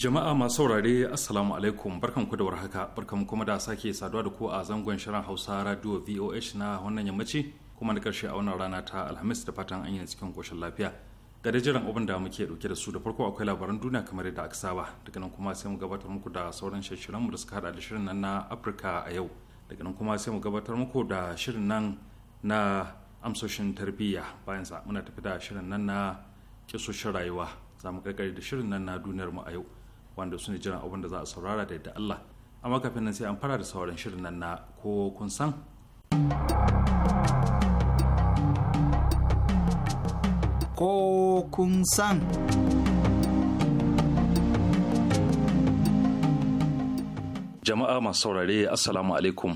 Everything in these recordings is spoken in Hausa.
Jama'a masu saurare Assalamu alaikum barkan ku da warhaka barkan kuma da sake saduwa da ku a zangon shirin Hausa Radio VOH na wannan yammaci kuma na karshe a wannan rana ta Alhamis da fatan an yi cikin koshin lafiya. Ga da jiran abin da muke dauke da su da farko akwai labaran duniya kamar yadda aka saba daga nan kuma sai mu gabatar muku da sauran shirin mu da suka hada da shirin nan na Afirka a yau daga nan kuma sai mu gabatar muku da shirin nan na amsoshin tarbiyya bayan sa muna tafi da shirin nan na kisoshin rayuwa za mu da shirin nan na duniyar mu a yau wanda su ne jiran abin da za a saurara da yadda Allah amma kafin nan sai an fara da sauran shirin nan na ko kun san ko kun san jama'a masu saurare assalamu alaikum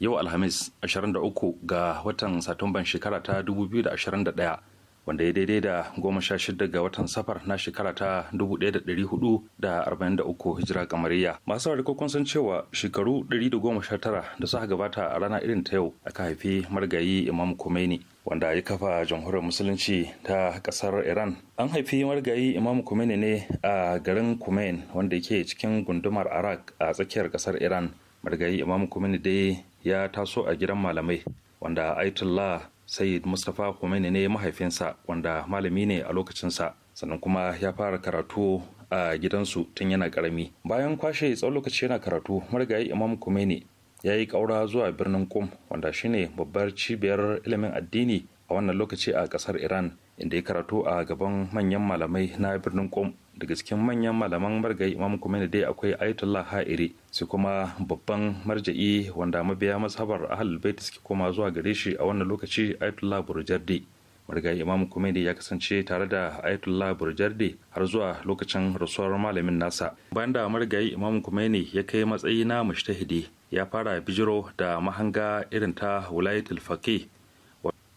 yau alhamis 23 ga watan satumban shekara ta 2021 wanda ya daidai da goma sha shida ga watan safar na shekara ta dubu da da da hudu arba'in ɗaya ɗari uku hijira kamariya masu harkokin sun cewa shekaru ɗari da goma sha tara da suka gabata a rana irin ta yau aka haifi margayi imam Khomeini wanda ya kafa jamhuriyar musulunci ta kasar iran an haifi margayi imam Khomeini ne a garin kumain wanda yake cikin gundumar arak a tsakiyar kasar iran margayi imam Khomeini dai ya taso a gidan malamai wanda aitullah sayid mustapha khomeini ne mahaifinsa wanda malami ne a lokacinsa sannan kuma ya fara karatu a gidansu tun yana karami bayan kwashe tsawon lokaci yana karatu marigayi imam khomeini ya yi kaura zuwa birnin kum wanda shine babbar cibiyar ilimin addini a wannan lokaci a kasar iran inda ya karatu a gaban manyan malamai na birnin kum daga cikin manyan malaman margayi imam Kumene dai akwai ayatollah ha'iri sai kuma babban marja'i wanda mabiya mazhabar ahal bait suke koma zuwa gare shi a wannan lokaci ayatollah burjardi margayi imam Khomeini ya kasance tare da ayatollah burjardi har zuwa lokacin rasuwar malamin nasa bayan da margayi imam Khomeini ya kai matsayi na mushtahidi ya fara bijiro da mahanga irin ta wulayatul faqih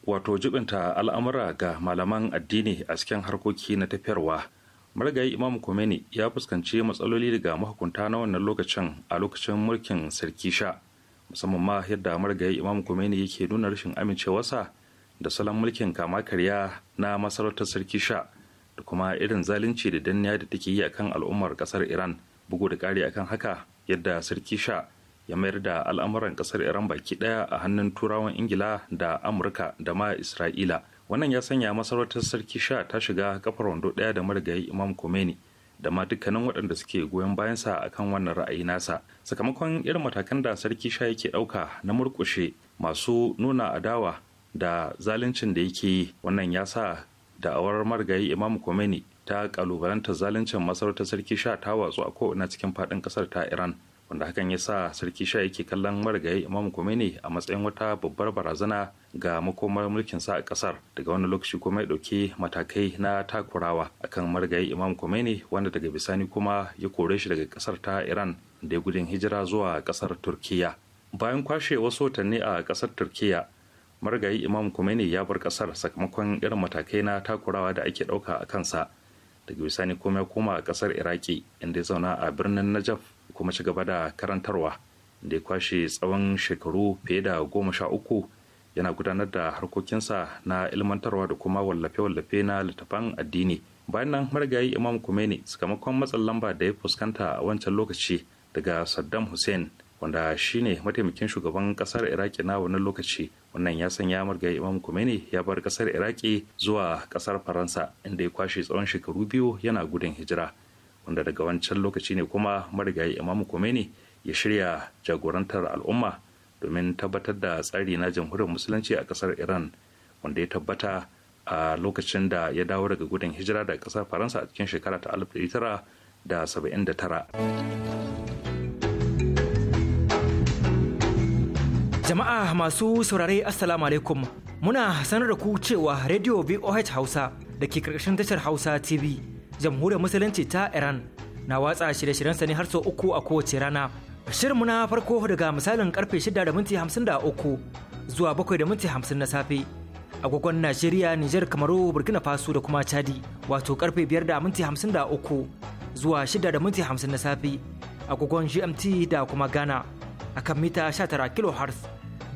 wato jibinta al'amura ga malaman addini a cikin harkoki na tafiyarwa marigayi imam Khomeini ya fuskanci matsaloli daga mahukunta na wannan lokacin a lokacin mulkin sarki sha musamman ma yadda marigayi imam Khomeini yake nuna rashin amincewarsa da salon mulkin kama karya na masarautar sarki sha da kuma irin zalunci da danniya da take yi akan al'ummar kasar iran bugu da ƙari akan haka yadda sarki sha ya mayar da al'amuran kasar iran baki daya a hannun turawan ingila da amurka da ma isra'ila wannan ya sanya masarautar sarki sha ta shiga kafar wando ɗaya da marigayi imam komeni da ma dukkanin waɗanda suke goyon bayansa akan wannan ra'ayi nasa sakamakon irin matakan da sarki sha yake ɗauka na murƙushe masu nuna adawa da zaluncin da yake yi wannan ya sa da'awar marigayi imam komeni ta kalubalanta zaluncin masarautar sarki sha ta watsu a ko'ina cikin faɗin ƙasar ta iran wanda hakan ya sa sarki sha yake kallon marigayi imam Khomeini a matsayin wata babbar barazana ga makomar mulkin sa a kasar daga wani lokaci kuma ya dauki matakai na takurawa akan marigayi imam Khomeini wanda daga bisani kuma ya kore shi daga kasar ta Iran da ya gudun hijira zuwa kasar Turkiya bayan kwashe wasu watanni a kasar Turkiya marigayi imam Khomeini ya bar kasar sakamakon irin matakai na takurawa da ake dauka a kansa daga bisani kuma ya koma a kasar Iraki inda ya zauna a birnin Najaf kuma ci gaba da karantarwa da ya kwashe tsawon shekaru fiye da goma sha uku yana gudanar da harkokinsa na ilmantarwa da kuma wallafe-wallafe na littafan addini bayan nan marigayi imam kumeni sakamakon matsan lamba da ya fuskanta a wancan lokaci daga saddam hussein wanda shine mataimakin shugaban kasar iraki na wani lokaci wannan ya sanya marigayi imam kumeni ya bar kasar iraki zuwa kasar faransa inda ya kwashe tsawon shekaru biyu yana gudun hijira wanda daga wancan lokaci ne kuma marigayi imamu Khomeini ya shirya jagorantar al'umma domin tabbatar da tsari na jamhuriyar musulunci a kasar iran wanda ya tabbata a lokacin da ya dawo daga gudun hijira daga kasar faransa a cikin shekara ta 1979 jama'a masu saurare assalamu alaikum muna sanar da ku cewa radio voh hausa da ke karkashin tashar hausa tv jamhuriyar musulunci ta iran na watsa shirye-shiryensa ne har sau uku a kowace rana shirinmu na farko daga misalin karfe 6 da minti 53 zuwa 7 da minti 50 na safe agogon najeriya niger kamaru burkina faso da kuma chadi wato karfe 5 da minti 53 zuwa 6 da minti 50 na safe agogon gmt da kuma ghana akan mita 19 kilohertz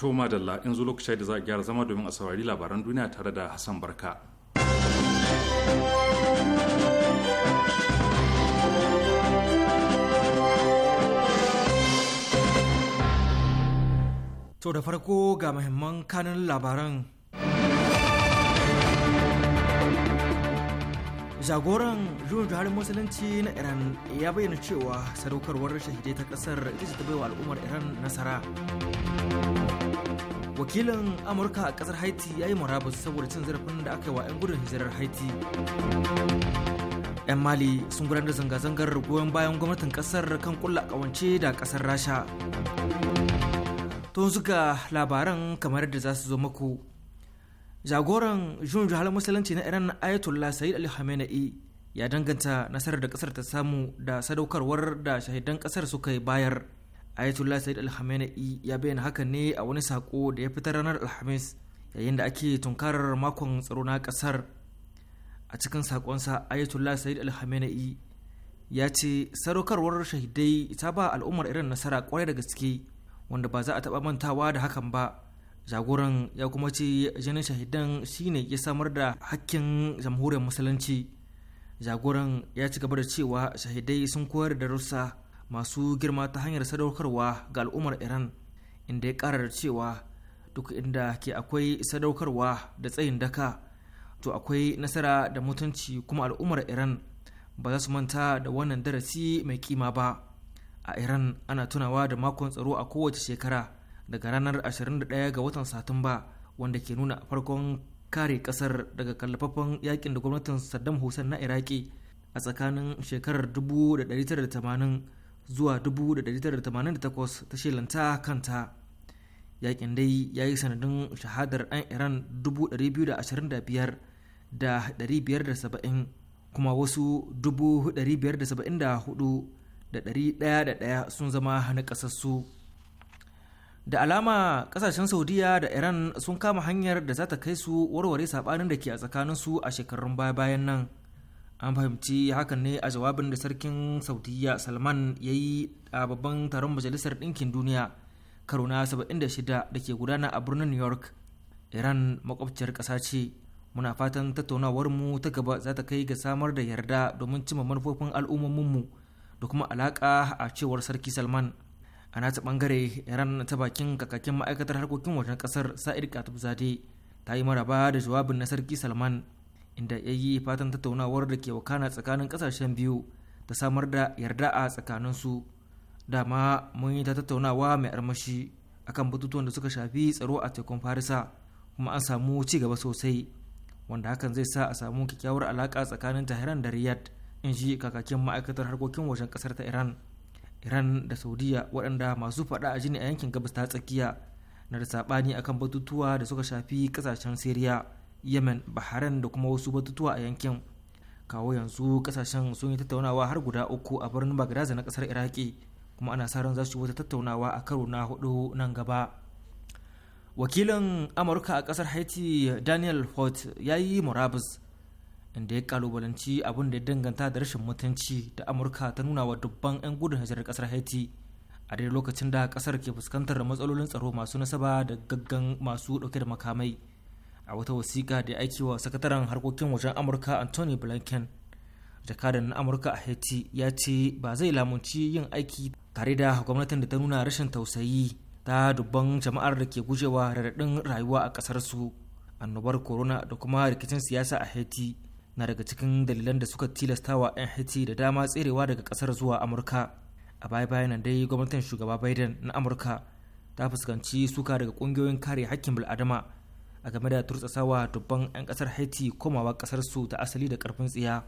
To madalla yanzu lokaci da za a gyara zama domin a saurari labaran duniya tare da Hassan Barka. To da farko ga muhimman kanin labaran jagoran juyin harin musulunci na iran ya bayyana cewa sadaukarwar shahidai ta kasar ita ta baiwa al'ummar iran nasara wakilin amurka a kasar haiti ya yi murabus saboda cin zarafin da aka yi wa 'yan gudun hijirar haiti 'yan mali sun gudanar zanga-zangar goyon bayan gwamnatin kasar kan kulla kawance da kasar rasha to suka labaran kamar da za su zo maku jagoran jun jihar musulunci na iran ayatollah sayyid ali khamenei ya danganta nasarar da kasar ta samu da sadaukarwar da shahidan kasar suka bayar ayatollah sayyid ali khamenei ya bayyana hakan ne a wani sako da ya fitar ranar alhamis yayin da ake tunkarar makon tsaro na kasar a cikin sakonsa ayatollah sayyid ali khamenei ya ce sadaukarwar shahidai ta ba al'ummar irin nasara kwarai da gaske wanda ba za a taɓa mantawa da hakan ba jagoran ya kuma ce jinin shahidan shine ya samar da hakkin jamhuriyar musulunci jagoran ya ci gaba da cewa shahidai sun koyar da rusa masu girma ta hanyar sadaukarwa ga al'ummar iran inda ya karar cewa duk inda ke akwai sadaukarwa da tsayin daka to akwai nasara da mutunci kuma al'ummar iran ba za su manta da wannan darasi mai kima ba a iran ana tunawa da makon tsaro a kowace shekara daga ranar 21 ga watan satumba wanda ke nuna farkon kare kasar daga kallafafan yakin da gwamnatin saddam hussein na iraki a tsakanin shekarar 1980 zuwa 1988 ta shelanta kanta yakin dai ya yi sanadin shahadar an iran 570 kuma wasu ɗaya sun zama na ƙasassu da alama kasashen saudiya da iran sun kama hanyar da za ta kai su warware sabanin da ke a tsakanin su a shekarun baya bayan nan an fahimci hakan ne a jawabin da sarkin saudiya salman ya yi a babban taron majalisar ɗinkin duniya karo na 76 da ke gudana a birnin new york iran makwabciyar ƙasa ce muna fatan tattaunawarmu ta gaba za ta kai ga samar da yarda domin cimma manufofin al'ummominmu da kuma alaƙa a cewar sarki salman a nata bangare iran ta bakin kakakin ma'aikatar harkokin wajen kasar sa'id katib zade ta yi maraba da jawabin na sarki salman inda ya yi fatan tattaunawar da ke wakana tsakanin kasashen biyu ta samar da yarda a tsakanin su dama mun yi ta tattaunawa mai armashi akan batutuwan da suka shafi tsaro a tekun farisa kuma an samu ci gaba sosai wanda hakan zai sa a samu kyakkyawar alaka tsakanin tahiran da riyad in ji kakakin ma'aikatar harkokin wajen kasar ta iran iran da saudiya waɗanda masu faɗa a jini a yankin gabas ta tsakiya na da saɓani akan batutuwa da suka shafi kasashen syria yemen bahrain da kuma wasu batutuwa a yankin kawo yanzu ƙasashen sun yi tattaunawa har guda uku a birnin bagdad na kasar iraki kuma ana sa ran za su wata tattaunawa a karo na hudu nan gaba wakilin amurka a ƙasar haiti daniel holt ya yi murabus inda ya kalubalanci abin da ya danganta da rashin mutunci da amurka ta nuna wa dubban 'yan gudun hijirar kasar haiti a daidai lokacin da kasar ke fuskantar matsalolin tsaro masu nasaba da gaggan masu dauke da makamai a wata wasiƙa da ya aiki wa sakataren harkokin wajen amurka anthony blinken jakadan na amurka a haiti ya ce ba zai lamunci yin aiki tare da gwamnatin da ta nuna rashin tausayi ta dubban jama'ar da ke gujewa raɗaɗin rayuwa a ƙasarsu annobar corona da kuma rikicin siyasa a haiti na daga cikin dalilan da suka tilastawa 'yan haiti da dama tserewa daga kasar zuwa amurka a baya nan dai gwamnatin shugaba biden na amurka ta fuskanci suka daga kungiyoyin kare hakkin bil'adama a game da turtsasawa dubban 'yan kasar haiti komawa kasar su ta asali da karfin tsiya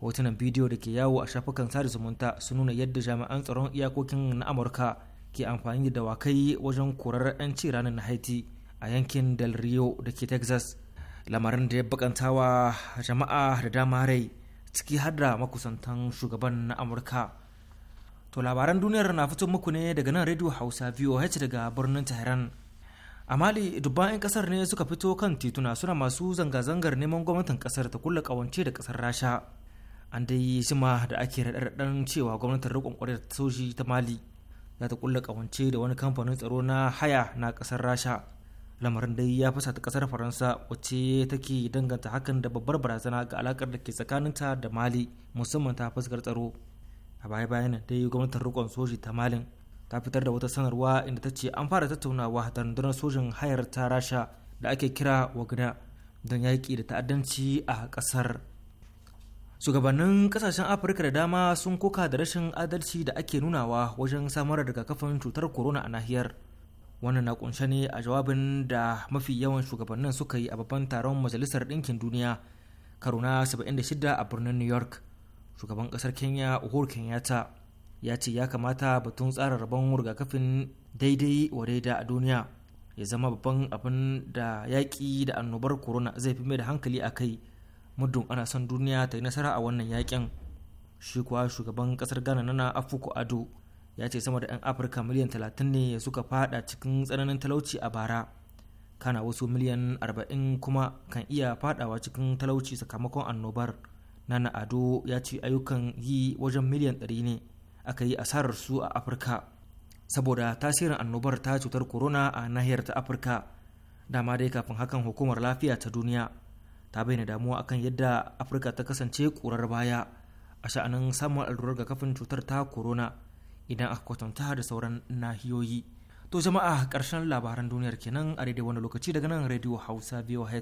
hotunan bidiyo da ke yawo a shafukan sada zumunta su nuna yadda jami'an tsaron iyakokin na amurka ke amfani da dawakai wajen korar 'yan ranar na haiti a yankin del rio da ke texas lamarin da ya bakantawa jama'a da dama rai ciki hada makusantan shugaban na amurka to labaran duniyar na fito muku ne daga nan radio hausa voh daga birnin tehran a mali dubban 'yan kasar ne suka fito kan tituna suna masu zanga-zangar neman gwamnatin kasar ta kulla kawance da kasar rasha an dai yi da ake raɗaɗɗen cewa gwamnatin riƙon ƙwarar soji ta mali za ta kulla kawance da wani kamfanin tsaro na haya na kasar rasha lamarin dai ya fasa kasar faransa wacce take danganta hakan da babbar barazana ga alakar da ke tsakaninta da mali musamman ta fuskar tsaro a baya bayan dai gwamnatin rikon soji ta malin ta fitar da wata sanarwa inda ta ce an fara tattaunawa da rundunar sojin hayar ta rasha da ake kira wagna don yaƙi da ta'addanci a ƙasar shugabannin kasashen afirka da dama sun koka da rashin adalci da ake nunawa wajen samar da rigakafin cutar corona a nahiyar wannan na kunshe ne a jawabin da mafi yawan shugabannin suka yi a babban taron majalisar ɗinkin duniya karo na 76 a birnin new york shugaban ƙasar kenya uhuru kenyatta ya ce ya kamata batun tsara rabon rigakafin daidai wa daida a duniya ya zama babban abin da yaƙi da annobar corona zai fi mai da hankali a kai muddin ana son duniya ta yi nasara a wannan yaƙin shi kuwa shugaban ƙasar ghana nana afuku ado ya ce sama da 'yan afirka miliyan 30 ne suka fada cikin tsananin talauci a bara kana wasu miliyan 40 kuma kan iya fadawa cikin talauci sakamakon annobar nana ado ya ce ayyukan yi wajen miliyan 100 ne aka yi asarar su a afirka saboda tasirin annobar ta cutar corona a nahiyar ta afirka dama dai kafin hakan hukumar lafiya ta duniya ta bayyana damuwa akan yadda afirka ta kasance kurar baya a sha'anin samun allurar kafin cutar ta corona idan aka kwatanta da sauran nahiyoyi to jama'a ƙarshen labaran duniyar kenan a daidai wani lokaci daga nan radio hausa voh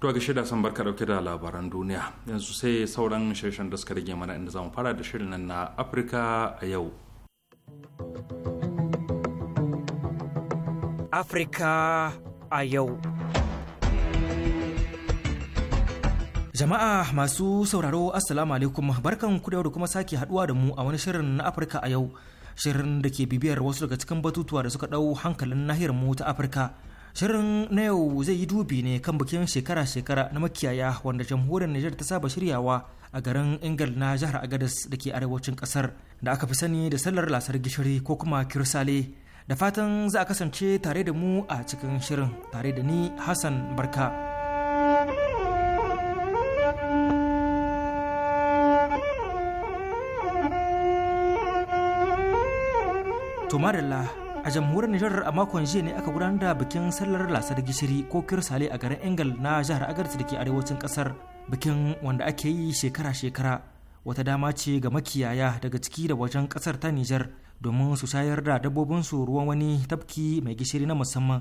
Tuwa ga shida san barka dauke da labaran duniya yanzu sai sauran shirin da suka rage mana inda zamu fara da shirin nan na Afirka a yau. Afirka a yau. Jama'a masu sauraro Assalamu alaikum barkan ku da kuma sake haduwa da mu a wani shirin na Afirka a yau. Shirin da ke bibiyar wasu daga cikin batutuwa da suka ɗau hankalin nahiyar mu ta Afirka. Shirin na yau zai yi dubi ne kan bikin shekara-shekara na makiyaya wanda jamhuriyar Nijar ta saba shiryawa a garin Ingal na jihar Agadez da ke arewacin kasar da aka fi sani da sallar lasar gishiri ko kuma kirsale. Da fatan za a kasance tare da mu a cikin shirin tare da ni Hassan Barka. Tomarilla a jamhuriyar nijar a makon jiya ne aka gudanar da bikin sallar lasar gishiri ko kirsale a garin engal na jihar agarci da ke arewacin kasar bikin wanda ake yi shekara-shekara wata dama ce ga makiyaya daga ciki da wajen kasar ta nijar domin su shayar da dabbobinsu ruwan wani tafki mai gishiri na musamman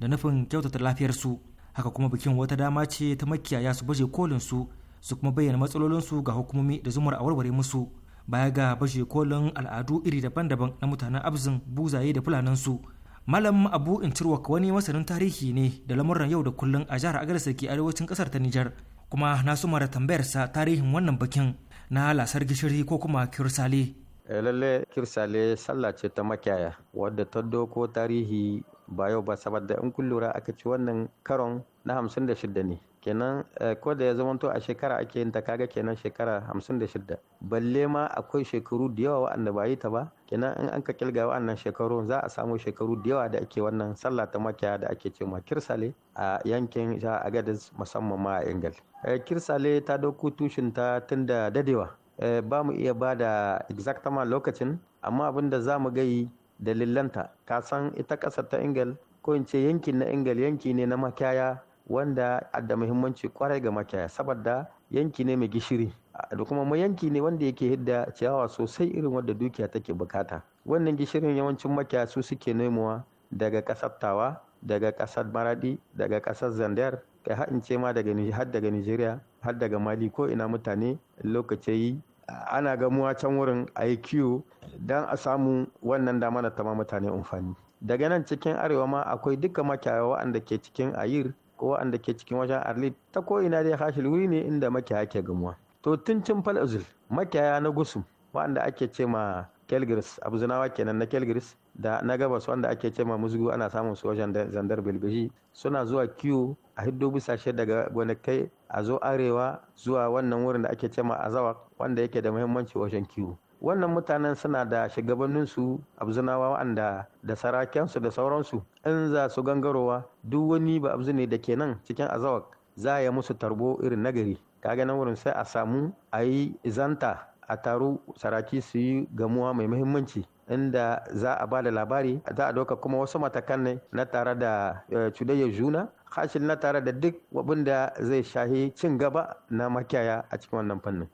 da nufin kyautata lafiyarsu haka kuma bikin wata dama ce ta makiyaya su baje kolin su su kuma bayyana matsalolinsu ga hukumomi da zumar a warware musu baya ga bashe kolin al'adu iri daban-daban na mutanen abzin buzaye da fulanansu malam abu intirwak wani masanin tarihi ne da lamuran yau da kullun a jihar agadar ke arewacin kasar ta nijar kuma na suma da tambayarsa tarihin wannan bakin na lasar gishiri ko kuma kirsale eh, lalle kirsale sallah ce ta makiyaya wadda ta doko tarihi ba yau ba saboda in kun aka ci wannan karon na 56 ne kenan eh, ko da ya zamanto a shekara ake yin ta kaga kenan shekara hamsin da shida balle ma akwai shekaru da yawa wa'anda ba yi ta ba kenan in an ka kilga wa'annan shekaru za a samu shekaru da yawa da ake wannan sallah ta makiya da ake ce ma kirsale a yankin ja agadis musamman ma a ingal eh, kirsale ta dauko tushen ta tun da dadewa eh, ba mu iya ba da exactama lokacin amma abin da za mu yi dalilanta ka san ita ƙasar ta ingal ko in ce yankin na ingal yanki ne na makiyaya wanda da muhimmanci kwarai ga makiyaya saboda yanki ne mai gishiri da kuma mai yanki ne wanda yake hidda ciyawa sosai irin wadda dukiya take bukata wannan gishirin yawancin makiyaya su suke nemowa daga kasar tawa daga kasar maradi daga kasar zandar kai in ce ma daga har daga nigeria har daga mali ko ina mutane lokaci yi ana gamuwa can wurin iq don a samu wannan dama na tama mutane amfani daga nan cikin arewa ma akwai duka makiyaya waɗanda ke cikin ayir ko waɗanda ke cikin wajen arli ta ko ina dai hashil wuri ne inda makiyaya ke gamuwa to tun cin falazul na gusum waɗanda ake ce ma kelgris abuzinawa kenan na kelgris da na gabas wanda ake ce ma musgu ana samun su wajen zandar bilbishi suna zuwa kiwo a hiddo shi daga gonakai a zo arewa zuwa wannan wurin da ake ce ma azawa wanda yake da muhimmanci wajen kiwo wannan mutanen suna da shugabanninsu abzunawa wa'anda da sarakensu da sauransu in za su gangarowa duk wani ba abzu ne da ke nan cikin azawak za yi musu tarbo irin nagari kaganan nan wurin sai a samu a yi zanta a taru saraki su yi gamuwa mai muhimmanci inda za a ba da labari za a doka kuma wasu matakan ne na tare da eh, cudayyar juna hashin na tare da duk abin zai shahi cin gaba na makiyaya a cikin wannan fannin.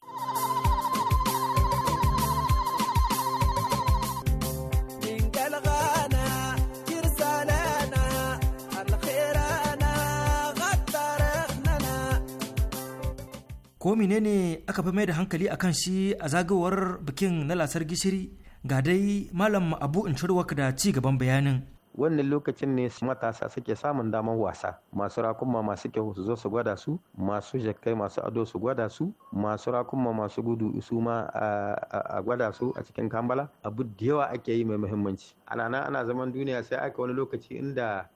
ko menene aka fi mai da hankali a kan shi a zagawar bikin na lasar gishiri ga dai malam abu in da ci gaban bayanin wannan lokacin ne matasa suke samun damar wasa masu rakunma masu kyau su zo su gwada su masu jakkai masu ado su gwada su masu rakunma masu gudu su ma a gwada su a cikin kambala abu da yawa ake yi mai muhimmanci a nana ana zaman duniya sai aka wani lokaci inda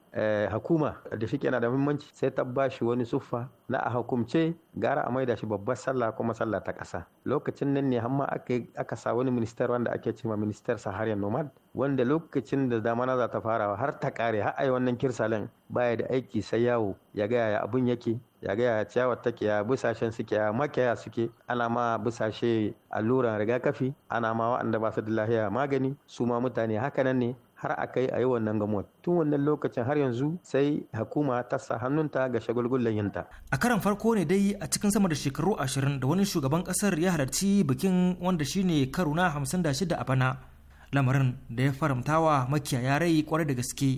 hakuma eh, da shi yana da muhimmanci sai ta ba shi wani suffa na a hukumce gara a maida shi babbar sallah kuma sallah ta ƙasa lokacin nan ne hamma aka sa wani minister wanda ake cewa ministar saharian nomad wanda lokacin da zamana za ta farawa har ta kare har ai wannan kirsalen baya da aiki sai yawo ya ga yaya abun yake ya ga yaya ciyawar take ya busashen suke ya suke ana ma busashe alluran rigakafi ana ma wa'anda ba su da lahiya magani su ma mutane haka nan ne har a kai a yi wannan gamuwar tun wannan lokacin har yanzu sai hukuma ta sa hannunta ga shagulgullan yinta a karan farko ne dai a cikin sama da shekaru ashirin da wani shugaban kasar ya halarci bikin wanda shine karo na hamsin a bana lamarin da ya faramtawa makiyaya rai kwarai da gaske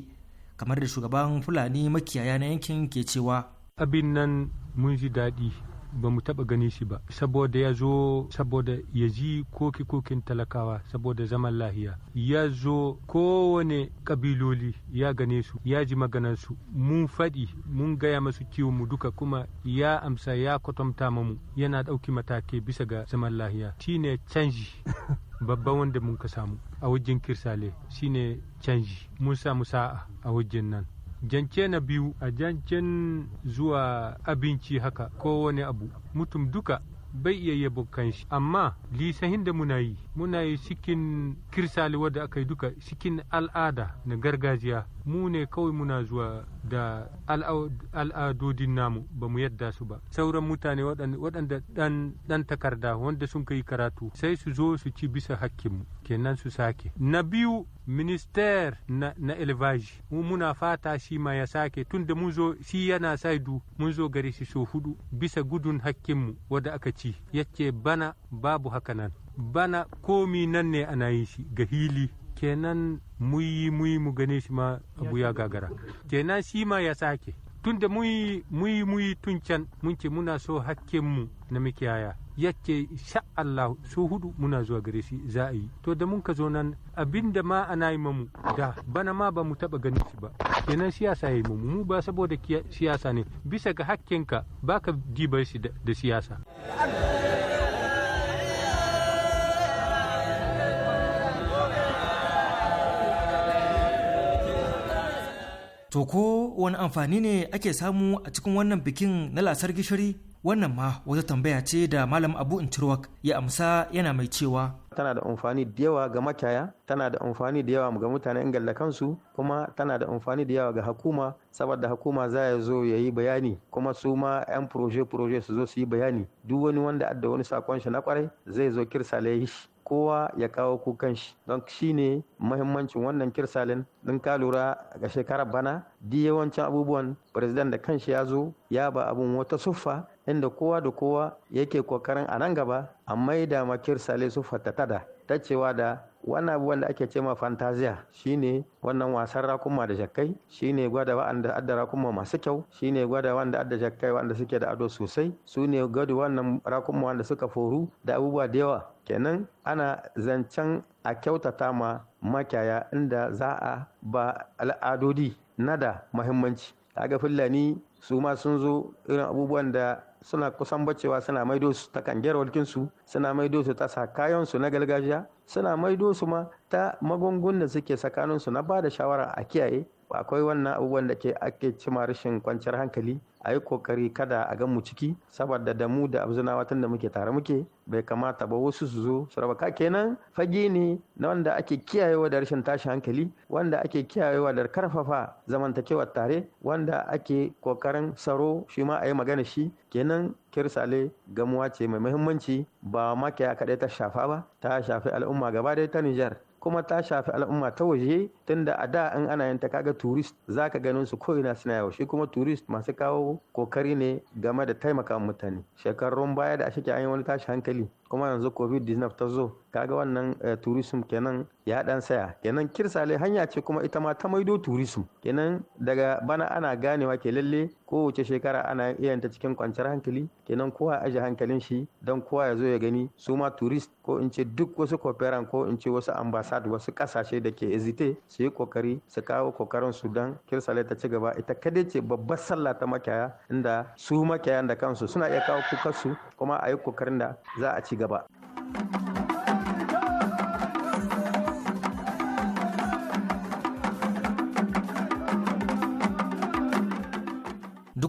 kamar da shugaban fulani makiyaya na yankin ke cewa abin nan mun ji daɗi ba mu taɓa gani shi ba saboda ya zo saboda ya ji koki kokin talakawa saboda zaman lahiya ya zo kowane ƙabiloli ya gane su ya ji maganansu mun faɗi mun gaya masu kiwo mu duka kuma ya amsa ya kwatanta mamu yana ɗauki matakai bisa ga zaman lahiya shine canji babban wanda mun ka samu a wajen kirsale shine canji mun samu sa'a a wajen nan jance na biyu a jancen zuwa abinci haka ko wani abu mutum duka bai iya yabo kanshi amma lisahin da muna yi muna yi cikin kirsali wadda aka yi duka cikin al'ada na gargajiya mu ne kawai muna zuwa da al'adodin namu ba mu yadda su ba sauran mutane waɗanda ɗan takarda wanda sun kai karatu sai su zo su ci bisa hakkinmu kenan su sake na biyu minister na, na elevage mu muna fata shi ma ya sake tun da mun zo shi yana saidu mun zo gari shi so hudu bisa gudun hakkinmu wadda aka ci yace bana babu haka nan bana komi nan ne ana yi shi ga hili kenan muyi muyi mu gane shi ma abu ya gagara kenan shi ma ya sake tun da muyi muyi muyi tun can mun ce muna so hakkinmu na mikiyaya yake sha Allah su hudu muna zuwa gare shi za a yi to da mun ka zo nan abinda ma ana yi mamu da bana ma ba mu taba ganin shi ba kenan siyasa yi mamu mu ba saboda siyasa ne bisa ga hakkinka baka dibar shi da siyasa To ko wani amfani ne ake samu a cikin wannan bikin na lasar gishiri? Wannan ma wata tambaya ce da Malam Abu Intirwak ya amsa yana mai cewa. Tana da amfani da yawa ga makiyaya, tana da amfani da yawa ga mutanen da kansu, kuma tana da amfani da yawa ga hakuma, saboda hakuma za ya zo ya yi bayani, kuma su ma 'yan proje-proje su zo su yi bayani. Duk wani wanda adda wani sakon shi na kwarai zai zo kirsa shi. kowa ya kawo kukan shi don shi ne mahimmancin wannan kirsalin din ka lura ga shekarar bana di yawancin abubuwan president da kanshi ya zo ya ba abun wata suffa inda kowa da kowa yake kokarin a nan gaba a maida ma kirsale suffa ta tada ta cewa da wannan abubuwan da ake ce ma fantaziya shine wannan wasan rakuma da jakkai shine gwada wa'anda adda rakuma masu kyau shine gwada wanda adda jakkai wa'anda suke da ado sosai su ne gwada wannan rakuma wanda suka foru da abubuwa da yawa kenan ana zancen a kyautata ma makiyaya inda za a ba al'adodi na da muhimmanci kaga fulani su ma sun zo irin abubuwan da suna kusan bacewa suna maido su ta kanjar suna maido su ta kayansu na gargajiya suna maido su ma ta magungun da suke tsakaninsu na ba da shawara a kiyaye akwai wannan abubuwan da ke ake cima rashin kwanciyar hankali a yi kokari kada a gan mu ciki saboda da mu da abzinawa tun da muke tare muke bai kamata ba wasu su zo su raba ka kenan fage ne na wanda ake kiyayewa da rashin tashi hankali wanda ake kiyayewa da karfafa zamantakewar tare wanda ake kokarin saro shi ma a yi magana shi kenan kirsale gamuwa ce mai muhimmanci ba kaya kaɗai ta shafa ba ta shafi al'umma gaba dai ta Nijar. kuma ta shafi al'umma ta waje tunda a da in ana yin ta kaga turist za ka ganin su ko ina suna yaushe kuma turist masu kawo kokari ne game da taimaka mutane shekarun baya da a shike an yi wani tashi hankali kuma yanzu covid-19 ta zo kaga wannan eh, tourism kenan ya dan saya kenan kirsale hanya ce kuma ita ma ta maido tourism kenan daga bana ana ganewa ke lalle kowace shekara ana iya cikin kwanciyar hankali kenan kowa aje hankalin shi don kowa ya zo ya gani su ma tourist ko in ce duk wasu koferan ko in ce wasu ambassad wasu kasashe da ke ezite su yi kokari su kawo kokarin su don kirsale ta ci gaba ita kadai ce babbar sallah ta makiyaya inda su makiyayan da kansu suna iya kawo kukarsu kuma a yi kokarin da za a ci gaba. thank you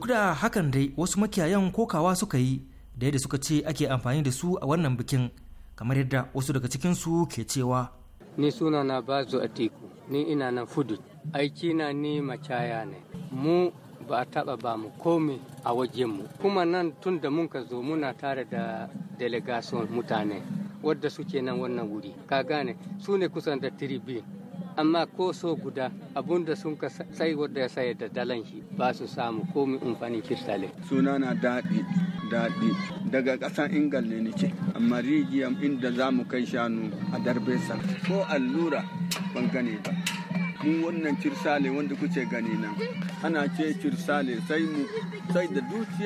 duk da hakan dai wasu makiyayan kokawa suka yi da yadda suka ce ake amfani da su a wannan bikin kamar yadda wasu daga cikinsu ke cewa ni suna na bazu a teku ni ina nan fudu aiki na ni macaya ne mu ba a taba ba mu komi a wajen mu kuma nan tun da mun ka zo muna tare da delegation mutane wadda suke nan wannan wuri ka gane su ne kusan da tiribi amma ko so guda abinda sun ka sai wadda ya sayar da dalan shi ba su samu komi amfanin kirtale suna na daɗi daɗi daga ƙasar ingal ne nake amma rijiyar inda za mu kai shanu a darbesa ko allura ban gane ba mu wannan cirsale wanda kuke gani nan ana ce cirsale sai mu sai da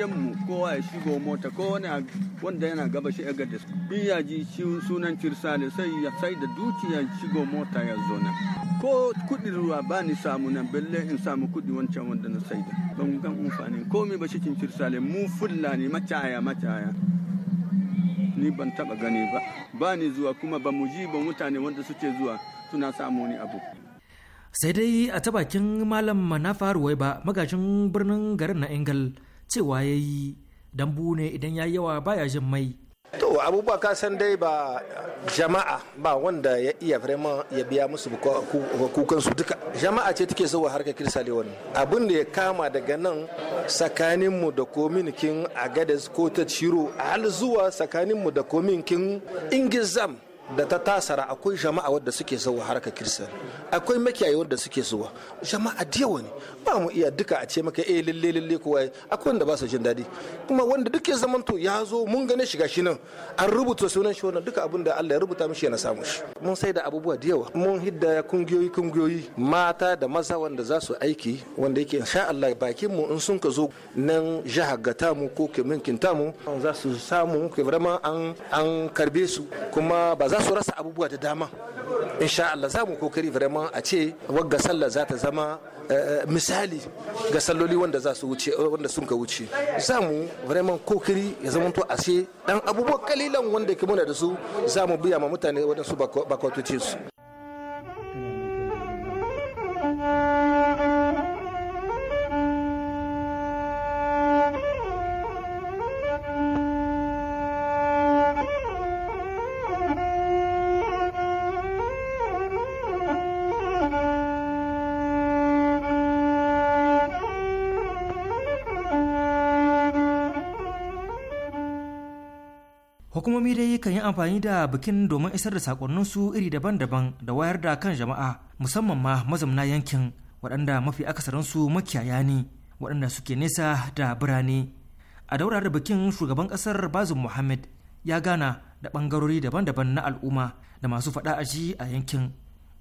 mu kowa ya shigo mota ko wani wanda yana gaba shi ga da in ya ji sunan cirsale sai ya sai da dukiyar shigo mota ya zo nan ko kudin ruwa ba ni samu nan belle in samu kudi wancan wanda na sai da ban gan amfani komai ba cikin cirsale mu fullani macaya macaya ni ban taba gani ba ba ni zuwa kuma ba mu ji ba mutane wanda suke zuwa suna samu ni abu sai dai a ta bakin malam manafa ba magajin birnin garin na ingal cewa ya yi dambu ne idan ya yawa baya jin mai to abubuwa ka san dai ba jama'a ba wanda ya iya firma ya biya musu kukan su duka jama'a ce take zuwa harkar kirsale wani abin da ya kama daga nan tsakaninmu da kominikin gadas ko ta ciro hal zuwa tsakaninmu da kominikin ingizam da ta tasara akwai jama'a wadda suke zuwa harkar kirsan akwai makiyaye wadda suke zuwa jama'a da ne ba mu iya duka a ce maka eh lalle lalle kowa akwai wanda ba su jin daɗi kuma wanda duke zaman to ya zo mun gane shiga shi nan an rubuta sunan shi wannan duka abin da Allah ya rubuta mishi yana samu shi mun sai da abubuwa da yawa mun hidda kungiyoyi kungiyoyi mata da maza wanda za su aiki wanda yake insha Allah bakin mu in sun ka zo nan jihar gata mu ko kimin kinta mu za su samu kuma an an karbe su kuma ba za su rasa abubuwa da dama insha Allah za mu kokari vraiment a ce wagga sallah za ta zama eh, eh, misali ga salloli wanda za su wuce eh, wanda sun ka wuce za mu vraiment kokari ya zama to a ce dan abubuwa kalilan wanda ke muna da su za mu biya ma mutane wadansu bakwatocin su hukumomi dai kan yi amfani da bikin domin isar da su iri daban-daban da wayar da kan jama'a musamman ma mazamna yankin waɗanda mafi akasarinsu makiyaya ne waɗanda suke nesa da birane a daura da bikin shugaban ƙasar bazum muhammad ya gana da ɓangarori daban-daban na al'umma da masu faɗa a ji a yankin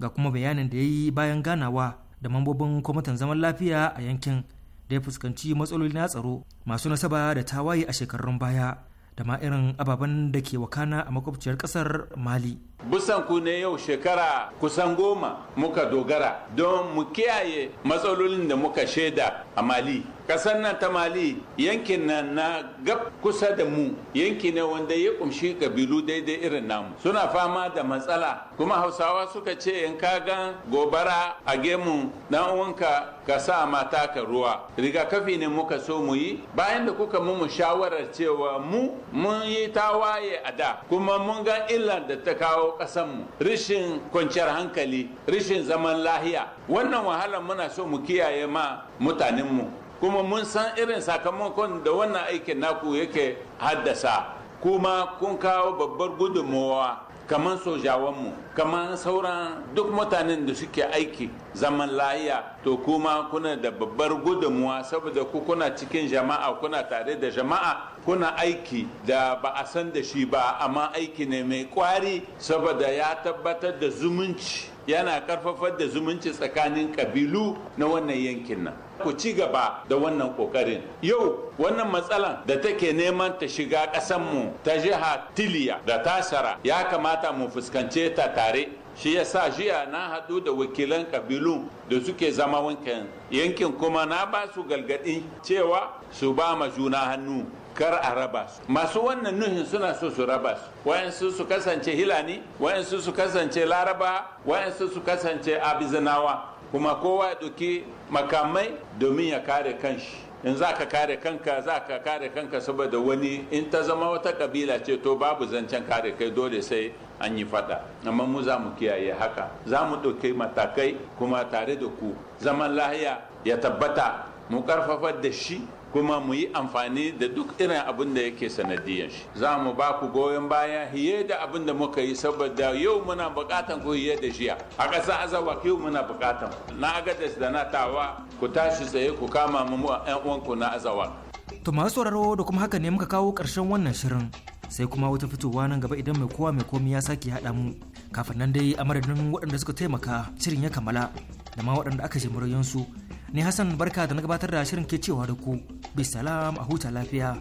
ga kuma bayanin da ya yi bayan ganawa da mambobin kwamitin zaman lafiya a yankin da ya fuskanci matsaloli na tsaro masu nasaba da tawaye a shekarun baya da ma irin ababen da ke wakana a makwabciyar kasar mali busan ku ne yau shekara kusan goma muka dogara don mu kiyaye matsalolin da muka shaida a mali kasar nan ta mali yankin nan na gab kusa da mu yanki ne wanda ya kumshi kabilu daidai irin namu suna fama da matsala kuma hausawa suka ce in ka gan gobara a gemu dan uwanka ka sa mata ka ruwa rigakafi ne muka so mu yi bayan da kuka mu shawarar cewa mu mun yi tawaye a da kuma mun ga illar da ta kawo mu rishin kwanciyar hankali rishin zaman lahiya wannan wahalar muna so mu kiyaye ma mutanenmu kuma mun san irin sakamakon da wannan aikin naku yake haddasa kuma kun kawo babbar gudunmowa kamar sojawanmu kamar sauran duk mutanen da suke aiki zaman layiya to kuma kuna da babbar gudunmuwa saboda ku kuna cikin jama'a kuna tare da jama'a kuna aiki da ba a san da shi ba amma aiki ne mai kwari saboda ya tabbatar da zumunci yana karfafar da zumunci tsakanin kabilu na wannan yankin nan ku ci gaba da wannan kokarin yau wannan matsalan da take neman ta shiga mu ta jiha tiliya da tasara ya kamata mu fuskance ta tare shi ya sa jiya na haɗu da wakilan kabilu da suke zama wankan yankin kuma na ba su galgaɗi cewa su ba ma juna hannu kar a raba su masu wannan nuhin suna so su raba su wayansu su kasance hilani wayansu su kasance laraba wayansu su kasance abizanawa kuma kowa ya ɗauki makamai domin ya kare kanshi in za ka kare kanka za ka kare kanka saboda wani in ta zama wata kabila ce to babu zancen kare kai dole sai an yi fada amma mu za mu kiyaye haka za mu ɗauki matakai kuma tare da ku zaman lahiya ya tabbata mu karfafa da shi kuma mu yi amfani da duk irin abin da yake sanadiyan shi za mu ba ku goyon baya hiye da abin da muka yi saboda yau muna bukatan ku hiye da jiya a ƙasa azawa yau muna bukatan na agadas da na tawa ku tashi tsaye ku kama mu yan uwanku na azawa to masu sauraro da kuma haka ne muka kawo ƙarshen wannan shirin sai kuma wata fitowa nan gaba idan mai kowa mai komi ya sake haɗa mu kafin nan dai a madadin waɗanda suka taimaka shirin ya kammala da ma waɗanda aka ji muryansu su Ni Hassan barka da na gabatar da shirin ke cewa da ku. Bisalam a huta lafiya.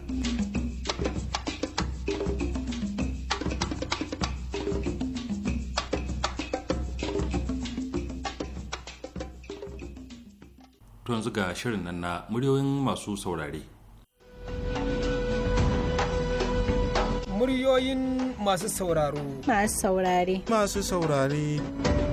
To yanzu ga shirin nan na muryoyin masu saurare. Muryoyin masu sauraro. Masu saurare. Masu saurare.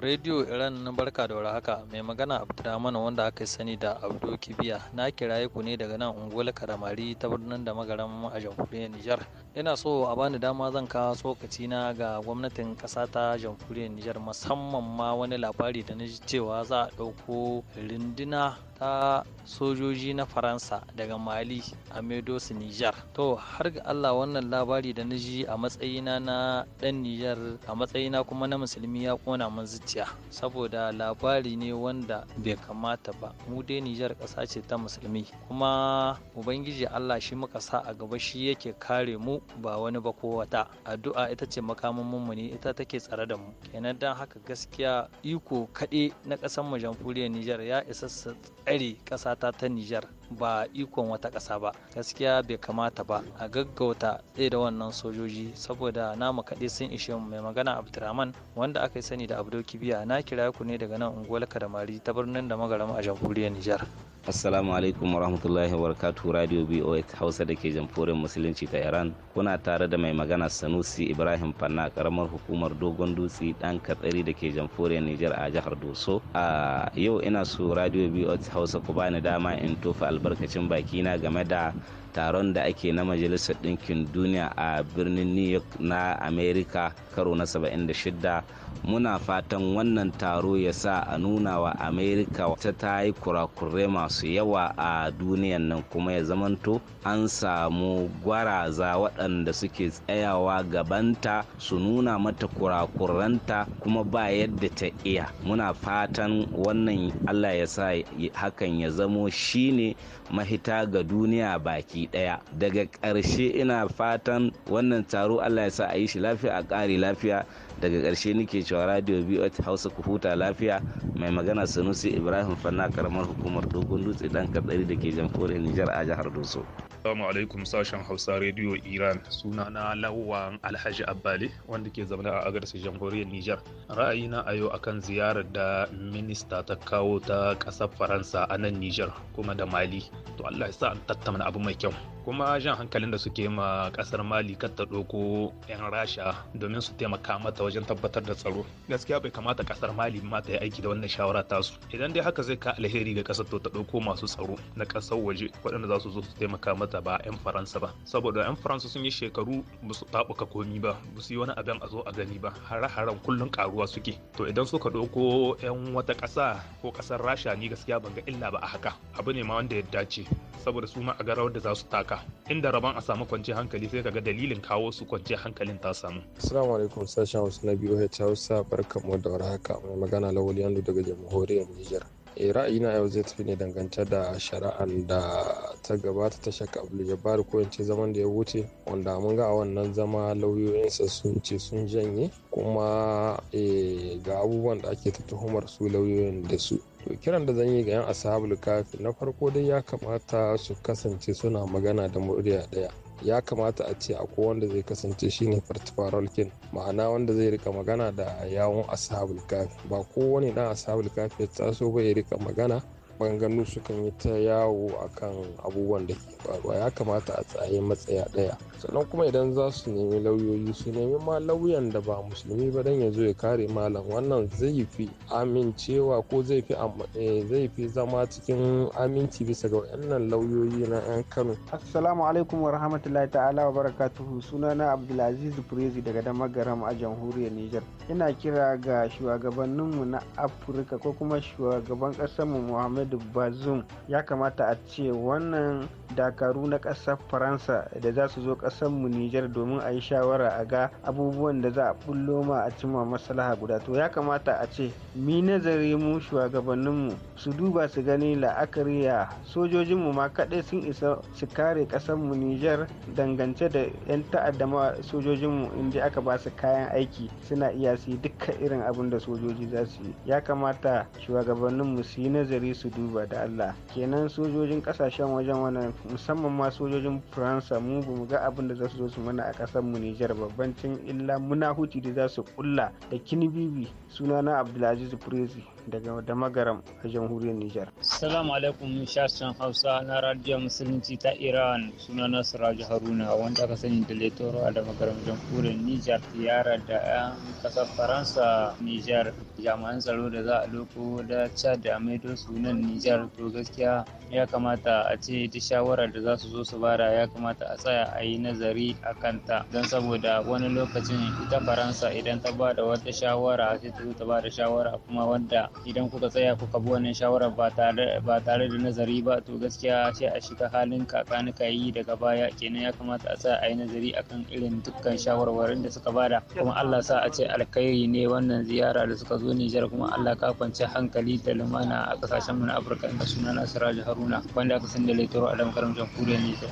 Radio Iran na barka da haka mai magana Abdulrahman wanda aka sani da abdu Kibiya na kiraye ku ne daga nan unguwar Karamari ta birnin da magaran a jamhuriyar Nijar ina so a bani dama zan kawo tsokaci na ga gwamnatin ƙasa ta jamhuriyar nijar musamman ma wani labari da na ji cewa za a ɗauko rindina ta sojoji na faransa daga mali a medos nijar to har ga allah wannan labari da na ji a matsayina na ɗan nijar a matsayina kuma na musulmi ya kona min zuciya saboda labari ne wanda bai kamata ba mu dai nijar ƙasa ce ta musulmi kuma ubangiji allah shi muka sa a gaba shi yake kare mu ba wani ba ko wata addu'a ita ce makamin mummuni ita take tsare da mu kenan dan haka gaskiya iko kaɗe na ƙasar mu jamhuriyar Nijar ya isa tsare ƙasa ta ta Nijar ba ikon wata ƙasa ba gaskiya bai kamata ba a gaggauta tsaye da wannan sojoji saboda namu kaɗai sun ishe mu mai magana abdurrahman wanda aka yi sani da abdo kibiya na kira ku ne daga nan unguwar kadamari ta birnin da magarama a jamhuriyar nijar assalamu alaikum warahmatullahi wabarakatuh radio boa hausa da ke jamhuriyar musulunci ta iran kuna tare da mai magana sanusi ibrahim fanna karamar hukumar dogon dutse dan katsari da ke jamhuriyar nijar a jihar doso a yau ina so radio boa hausa ku bani dama in tofa albarkacin baki na game da taron da ake na majalisar ɗinkin duniya a birnin new york na Amerika karo na 76 muna fatan wannan taro ya sa a nuna wa america ta ta yi kurakurai masu yawa a duniyan nan kuma ya zamanto an samu gwaraza waɗanda suke tsayawa gabanta su nuna mata kurakuranta kuma ba yadda ta iya muna fatan wannan allah ya sa hakan ya zamo shine mahita ga duniya baki daya daga ƙarshe ina fatan wannan taro allah ya sa a yi shi lafiya a ƙare lafiya daga ƙarshe nike cewa radio BOT Hausa ku huta lafiya mai magana Sanusi Ibrahim Fanna karamar hukumar Dogon Dutse dan kadari da ke jamhuriyar Nijar a jihar Doso. Assalamu alaikum sashen Hausa Radio Iran sunana Lawan Alhaji Abbali wanda ke zaune a agarsa jamhuriyar Nijar. Ra'ayina a yau akan ziyarar da minista ta kawo ta ƙasar Faransa a nan Nijar kuma da Mali. To Allah ya sa an tattauna abu mai kyau. kuma jan hankalin da suke ma kasar mali kar ta ɗauko 'yan rasha domin su taimaka mata wajen tabbatar da tsaro gaskiya bai kamata kasar mali ma ta yi aiki da wannan shawara tasu idan dai haka zai ka alheri ga kasar to ta ɗauko masu tsaro na kasar waje waɗanda za su zo su taimaka mata ba 'yan faransa ba saboda 'yan faransa sun yi shekaru ba su taɓuka komi ba ba su yi wani abin a zo a gani ba hare-haren kullum karuwa suke to idan suka ɗauko 'yan wata ƙasa ko ƙasar rasha ni gaskiya ban ga illa ba a haka abu ne ma wanda ya dace saboda su ma a ga rawar da za su taka haka inda rabon a samu kwanciyar hankali sai kaga dalilin kawo su kwanciyar hankalin ta samu assalamu alaikum sashen hausa na biyu hausa mu da warhaka mai magana lawal yanzu daga jamhuriyar niger ra'ayina yau zai tafi ne dangance da shari'ar da ta gabata ta shaka abdul jabbar ko in ce zaman da ya wuce wanda mun ga a wannan zama lauyoyinsa sun ce sun janye kuma eh, ga abubuwan da ake ta tuhumar su lauyoyin da su to kiran da zan yi ga 'yan ashabul kafi na farko dai ya kamata su kasance suna magana da murya daya ya kamata a ce a wanda zai kasance shine partifaral kin ma'ana wanda zai rika magana da yawon ashabul kafi ba kowane dan ashabul kafi ya taso ba ya rika magana banganu sukan yi ta yawo akan abubuwan da ke faruwa ya kamata a tsaye matsaya ɗaya sannan kuma idan za su nemi lauyoyi su nemi ma lauyan da ba musulmi ba dan ya zo ya kare malam wannan zai fi amincewa ko zai fi eh, zama cikin aminci bisa ga wannan lauyoyi na yan Kano assalamu alaikum wa rahmatullahi ta'ala wa barakatuhu sunana Abdulaziz Prezi daga damar Damagaram a jamhuriyar Niger ina kira ga shugabanninmu na Afirka ko kuma shugaban ƙasarmu Muhammad muhammadu bazoum ya kamata a ce wannan dakaru na ƙasar faransa da za su zo kasar mu nijar domin a yi shawara a ga abubuwan da za a bullo ma a cimma maslaha guda to ya kamata a ce mi nazari mu shugabanninmu su duba su gani la'akari ya sojojinmu ma kaɗai sun isa su kare kasar mu nijar dangance da 'yan ta'adda ma sojojinmu inda aka ba su kayan aiki suna iya su yi dukkan irin abin da sojoji za su yi ya kamata shugabanninmu su yi nazari su duba da Allah kenan sojojin kasashen wajen wannan musamman ma sojojin Faransa mu ba mu ga abin da za su zo su mana a kasar mu Nijar babban cin illa muna huti da za su kulla da kinibibi sunana Abdulaziz Prezi daga a jamhuriyar Nijar. Salamu alaikum sashen Hausa na radiyon Musulunci ta Iran suna Nasiraju Haruna wanda aka sani da Letoro a da magaram jamhuriyar Nijar tiyara da 'yan kasar Faransa Nijar jami'an tsaro da za a loko da Chad da Amaido sunan Nijar to gaskiya ya kamata a ce ta shawarar da za su zo su bada ya kamata a tsaya a yi nazari a kanta don saboda wani lokacin ita Faransa idan ta ba da wata shawara sai ta zo ta ba da shawara kuma wanda idan kuka tsaya kuka bi wannan shawarar ba tare da nazari ba to gaskiya sai a shiga halin kakanikai yi daga baya kenan ya kamata a tsaya a yi nazari akan irin dukkan shawarwarin da suka bada kuma Allah sa a ce alkhairi ne wannan ziyara da suka zo Nijar kuma Allah ka kwance hankali da lumana a kasashen mu na Afirka inda suna Nasiru Haruna wanda aka san da Laitoro Adam Karam Jamhuriyar Nijar.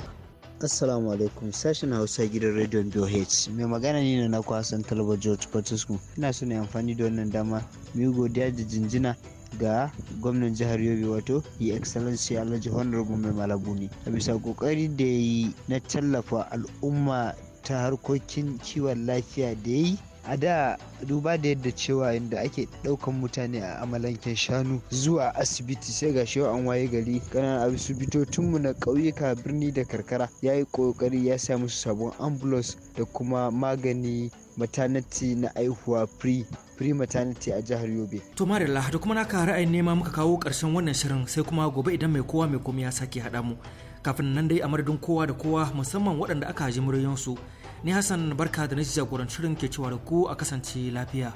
Assalamu alaikum sashen Hausa gidan rediyon doh mai magana ne na kwasan talabar George Patisku ina so ne amfani da wannan dama mu godiya da jinjina ga gwamnan jihar yobe wato yi excellency alhaji honorable mai malabuni a bisa kokari da ya yi na tallafa al'umma ta harkokin kiwon lafiya da ya yi a da duba da yadda cewa yadda ake daukan mutane a amalanken shanu zuwa asibiti sai ga shi an waye gari asibitocin mu na kauyuka birni da karkara ya yi ƙoƙari ya sa musu sabon ambulos da kuma magani maternity na aihuwa firi free maternity a jihar yobe to marilla da kuma naka ra'ayin nema muka kawo karshen wannan shirin sai kuma gobe idan mai kowa mai komai ya sake haɗa mu kafin nan dai a madadin kowa da kowa musamman waɗanda aka ji muryansu su ni hassan barka da na jagorancin ke cewa da ku a kasance lafiya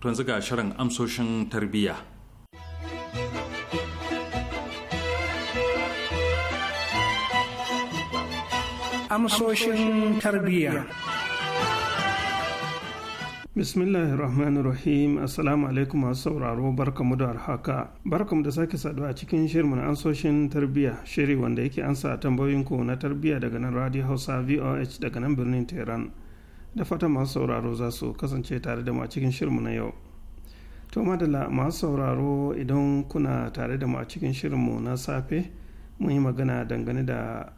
tun ga shirin amsoshin tarbiyya. Amsoshin tarbiyya. bismillahir rahmanir rahim assalamu alaikum masu sauraro barkamu da haka barkamu da sake saduwa a cikin shirin na ansoshin tarbiyya shiri wanda yake ansa tambayoyin ku na tarbiyya daga nan radio hausa voh daga nan birnin tehran da fata masu sauraro za su kasance tare da mu a cikin shirin na yau to madalla masu sauraro idan kuna tare da mu a cikin mu na safe mun yi magana dangane da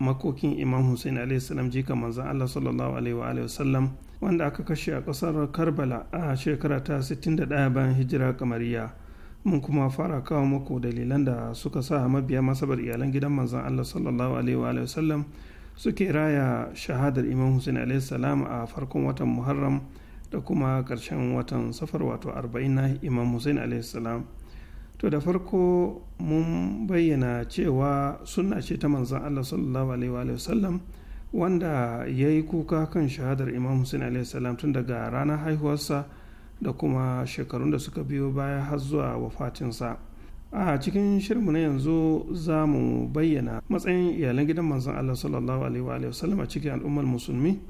makokin imam hussein alaihissalam jika manzan allah sallallahu alaihi wa sallam wanda aka kashe a kasar karbala a shekara ta 61 bayan hijira kamariya mun kuma fara kawo muku dalilan da suka sa mabiya masabar iyalan gidan manzan allah sallallahu alaihi wa sallam suke raya shahadar imam hussein alaihissalam a farkon watan muharram da kuma karshen watan safar wato 40 na imam hussein alaihissalam to da farko mun bayyana cewa sunna ce ta manzan Allah sallallahu alaihi wa sallam wanda ya yi kuka kan shahadar imam Hussein alaihi salam tun daga ranar haihuwarsa da kuma shekarun da suka biyo baya har zuwa wafatinsa a cikin shirmu na yanzu za mu bayyana matsayin iyalan gidan manzan Allah sallallahu alaihi wa sallam a cikin al'ummar musulmi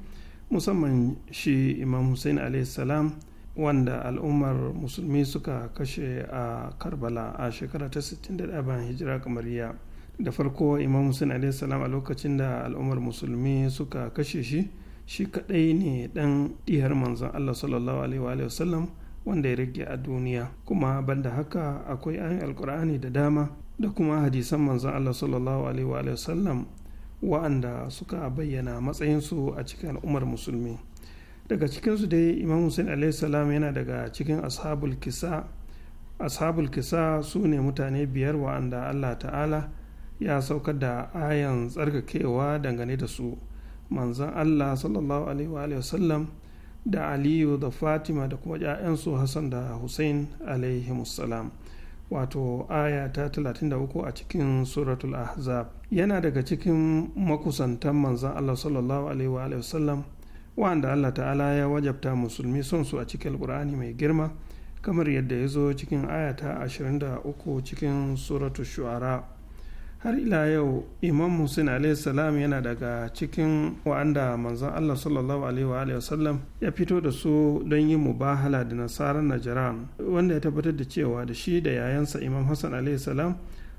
musamman shi imam Hussein alaihi salam wanda al'ummar musulmi suka kashe a karbala a shekara ta 61 bayan hijira kamar ya da farko imam hussein salam a lokacin da al'ummar musulmi suka kashe shi shi kadai ne dan dihar manzon allah sallallahu alaihi wa wasallam wanda ya rage a duniya kuma banda haka akwai ayin alkur'ani da dama da kuma hadisan manzon allah sallallahu alaihi wasallam wa'anda suka bayyana matsayinsu a cikin al'ummar musulmi daga cikinsu dai imam hussein salam yana daga cikin ashabul kisa ashabul kisa su ne mutane biyar wa'anda allah ta'ala ya saukar da ayan tsarkakewa dangane da su manzan allah sallallahu alaihi wasallam da aliyu da fatima da kuma 'ya'yansu hassan da hussein salam wato aya ta 33 a cikin suratul ahzab yana daga cikin makusantan manzan allah sallallahu alaihi wasallam wanda allah ta'ala ya wajabta musulmi son su a cikin alkur'ani mai girma kamar yadda ya zo cikin ayata 23 cikin suratu shu'ara har ila yau imam musin salam yana daga cikin wa'anda manzon allah sallallahu alaihi sallam ya fito da su don yin mubahala da nasarar najaran wanda ya tabbatar da cewa da shi da yayansa imam hassan salam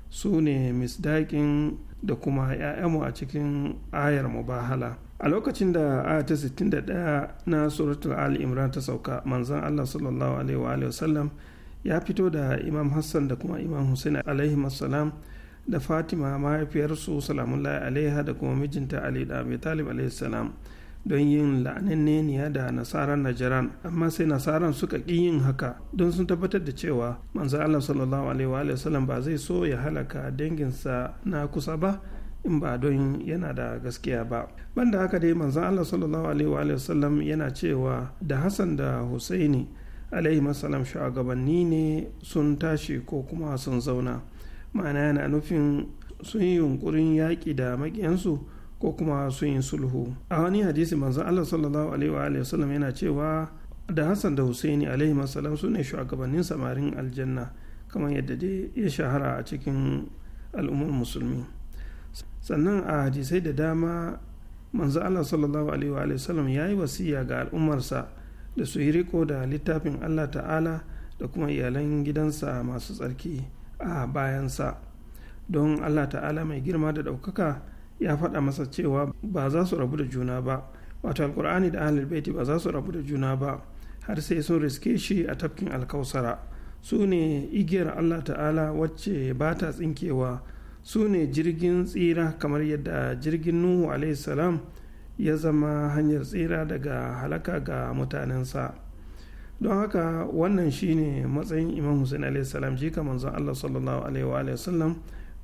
su ne misdaƙin da kuma 'ya'yanmu a cikin ayar mubahala a lokacin da aya ta 61 na suratul ali imran ta sauka manzan allah sallallahu alaihi wa sallam ya fito da imam hassan da kuma imam hussein alaihi assalam da fatima mahaifiyarsu salamullahi alaiha da kuma mijinta ali da abi talib alaihi salam don yin la'ananneniya da nasaran najaran amma sai nasaran suka ƙi yin haka don sun tabbatar da cewa Manzon allah sallallahu alaihi wa sallam ba zai so ya halaka danginsa na kusa ba in ba don yana da gaskiya ba banda haka dai manzan allah sallallahu alaihi wa sallam yana cewa da hassan da husaini alaihi masalam shugabanni ne sun tashi ko kuma sun zauna ma'ana yana nufin sun yi yunkurin yaƙi da makiyansu ko kuma sun yi sulhu a wani hadisi manzan allah sallallahu alaihi wa sallam yana cewa da hassan da husaini alaihi masalam su ne shugabannin samarin aljanna kamar yadda dai ya shahara a cikin al'ummar musulmi sannan a hadisai da dama manzo Allah sallallahu alaihi wa sallam ya yi wasiya ga al'ummarsa da su yi riko da littafin Allah ta'ala da kuma iyalan gidansa masu tsarki a bayansa don Allah ta'ala mai girma da ɗaukaka ya faɗa masa cewa ba za su rabu da juna ba wato alkur'ani da ahlul baiti ba za su rabu da juna ba har sai sun riske shi a tafkin alkausara su ne igiyar Allah ta'ala wacce ba ta tsinkewa su ne jirgin tsira kamar yadda jirgin nuhu salam ya zama hanyar tsira daga halaka ga mutanensa don haka wannan shine matsayin imam hussein salam shi kamar zan allah sallallahu alaihi sallam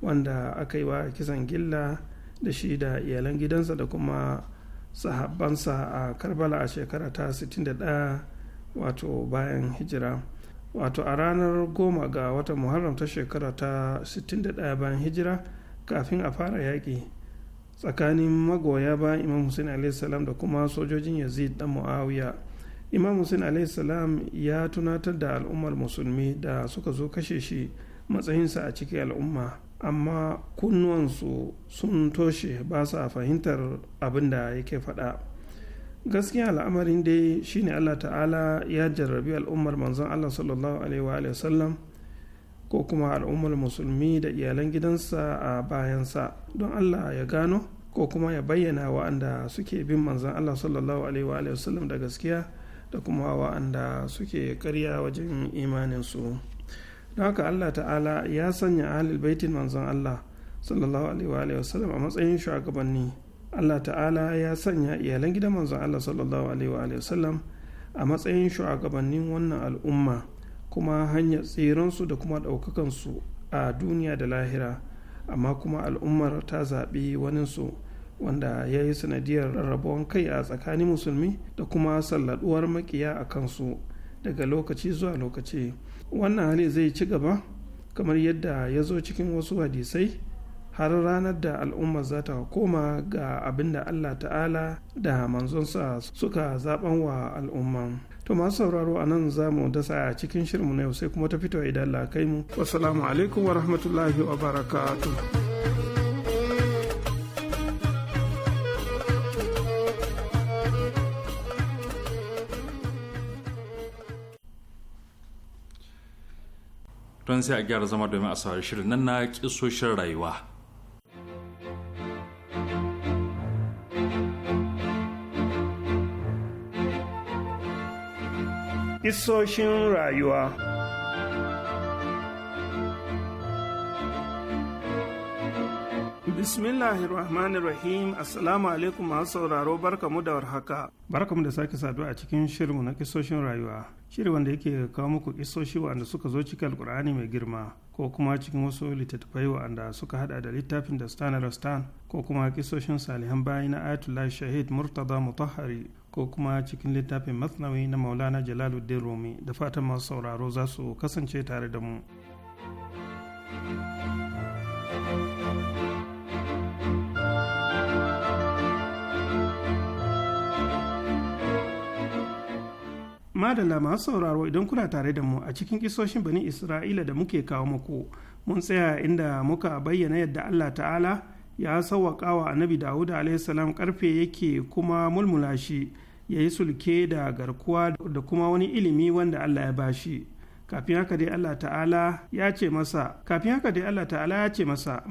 wanda aka yi wa kisan gilla da shi da iyalan gidansa da kuma sahabbansa a karbala a shekara ta 61 wato bayan hijira wato a ranar goma ga watan muharram ta shekara ta 61 bayan hijira kafin a fara yaƙi tsakanin magoya bayan imam hussein salam da kuma sojojin yazid dan muawiya imam hussein salam ya tunatar da al'ummar musulmi da suka zo kashe shi matsayinsa a cikin al'umma amma kunnuwansu sun toshe ba sa fahimtar abin da yake faɗa. gaskiya al'amarin dai shine allah ta'ala ya jarrabi al'ummar manzon allah sallallahu alaihi wasallam ko kuma al'ummar musulmi da iyalan gidansa a bayansa don allah ya gano ko kuma ya bayyana wa'anda suke bin manzon allah sallallahu alaihi wasallam da gaskiya da kuma wa'anda suke karya wajen imaninsu don haka allah ta'ala ya sanya ahlul baitin manzon allah sallallahu alaihi wasallam a matsayin shugabanni allah ta'ala ya sanya iyalan gidan manzon allah sallallahu alaihi wasallam a matsayin shugabannin wannan al'umma kuma hanyar tsiransu da kuma ɗaukakansu a duniya da lahira amma kuma al'ummar ta zaɓi waninsu wanda ya yi sanadiyar rarrabuwan kai a tsakanin musulmi da kuma salladuwar makiya a kansu daga lokaci zuwa lokaci wannan hali zai ci gaba kamar yadda ya zo cikin wasu hadisai har ranar da al'umma za ta koma ga abin da allah ta'ala da manzonsa suka zaben wa al'umman to masu sauraro a nan za mu dasa a cikin shirinmu na yau sai kuma ta fito idan allah kai mu wasalamu alaikum wa rahmatullahi wa barakatu. don sai a gyara zama domin a saurari shirin nan na kisoshin rayuwa Isoshin rayuwa Bismillahir Rahmanir Rahim Assalamu alaikum masu sauraro barkamu da warhaka. Barkamu da sake saduwa a cikin shirinmu na kisoshin rayuwa. Shiri wanda yake kawo muku kisoshi wanda suka zo cikin Alkur'ani mai girma ko kuma cikin wasu littattafai wanda suka hada da littafin da Stan Rastan ko kuma kisoshin Salihan bayi na Ayatollah Shahid Murtaza Mutahhari ko kuma cikin littafin masnawi na maulana jalaluddin rumi da fatan masu sauraro za su kasance tare da mu madalla masu sauraro idan kuna tare da mu a cikin kisoshin bani isra'ila da muke kawo muku mun tsaya inda muka bayyana yadda allah ta'ala ya sauwaƙa wa annabi dawud salam karfe yake kuma mulmula shi ya yi sulke da garkuwa da kuma wani ilimi wanda Allah ya bashi kafin haka dai Allah ta'ala ya ce masa kafin haka dai Allah ta'ala ya ce masa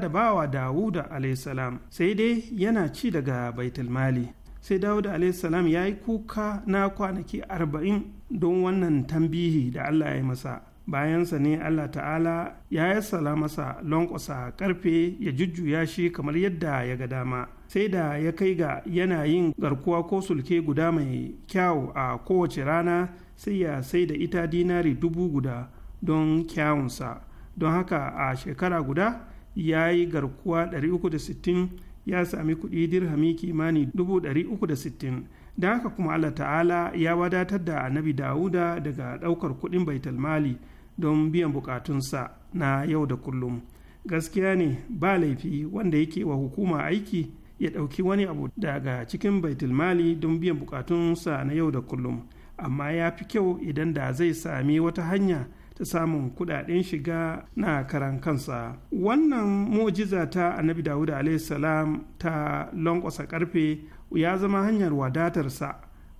da bawa Dawuda alaihissalam sai dai yana ci daga baitul mali sai Dawuda alaihissalam ya yi kuka na kwanaki arba'in don wannan tambihi da Allah ya yi masa bayansa ne Allah ta'ala ya yi masa lankwasa karfe ya jujjuya shi kamar yadda ya ga dama sai da ya kai ga yana yin garkuwa ko sulke guda mai kyau a kowace rana sai ya sai da ita dinari dubu guda don kyawunsa don haka a shekara guda ya yi garkuwa 360 ya sami kudi dirhami kimani 360 da haka kuma Allah ta'ala ya wadatar da annabi dawuda daga ɗaukar kuɗin baitalmali don biyan bukatunsa na yau da kullum gaskiya ne ba laifi wanda yake wa hukuma aiki ya ɗauki wani abu daga cikin baitulmali don biyan bukatunsa na yau da kullum amma ya fi kyau idan da zai sami wata hanya ta samun kudaden shiga na karan kansa wannan mu'jiza ta annabi dawud salam ta lankwasa karfe ya zama hanyar wadatarsa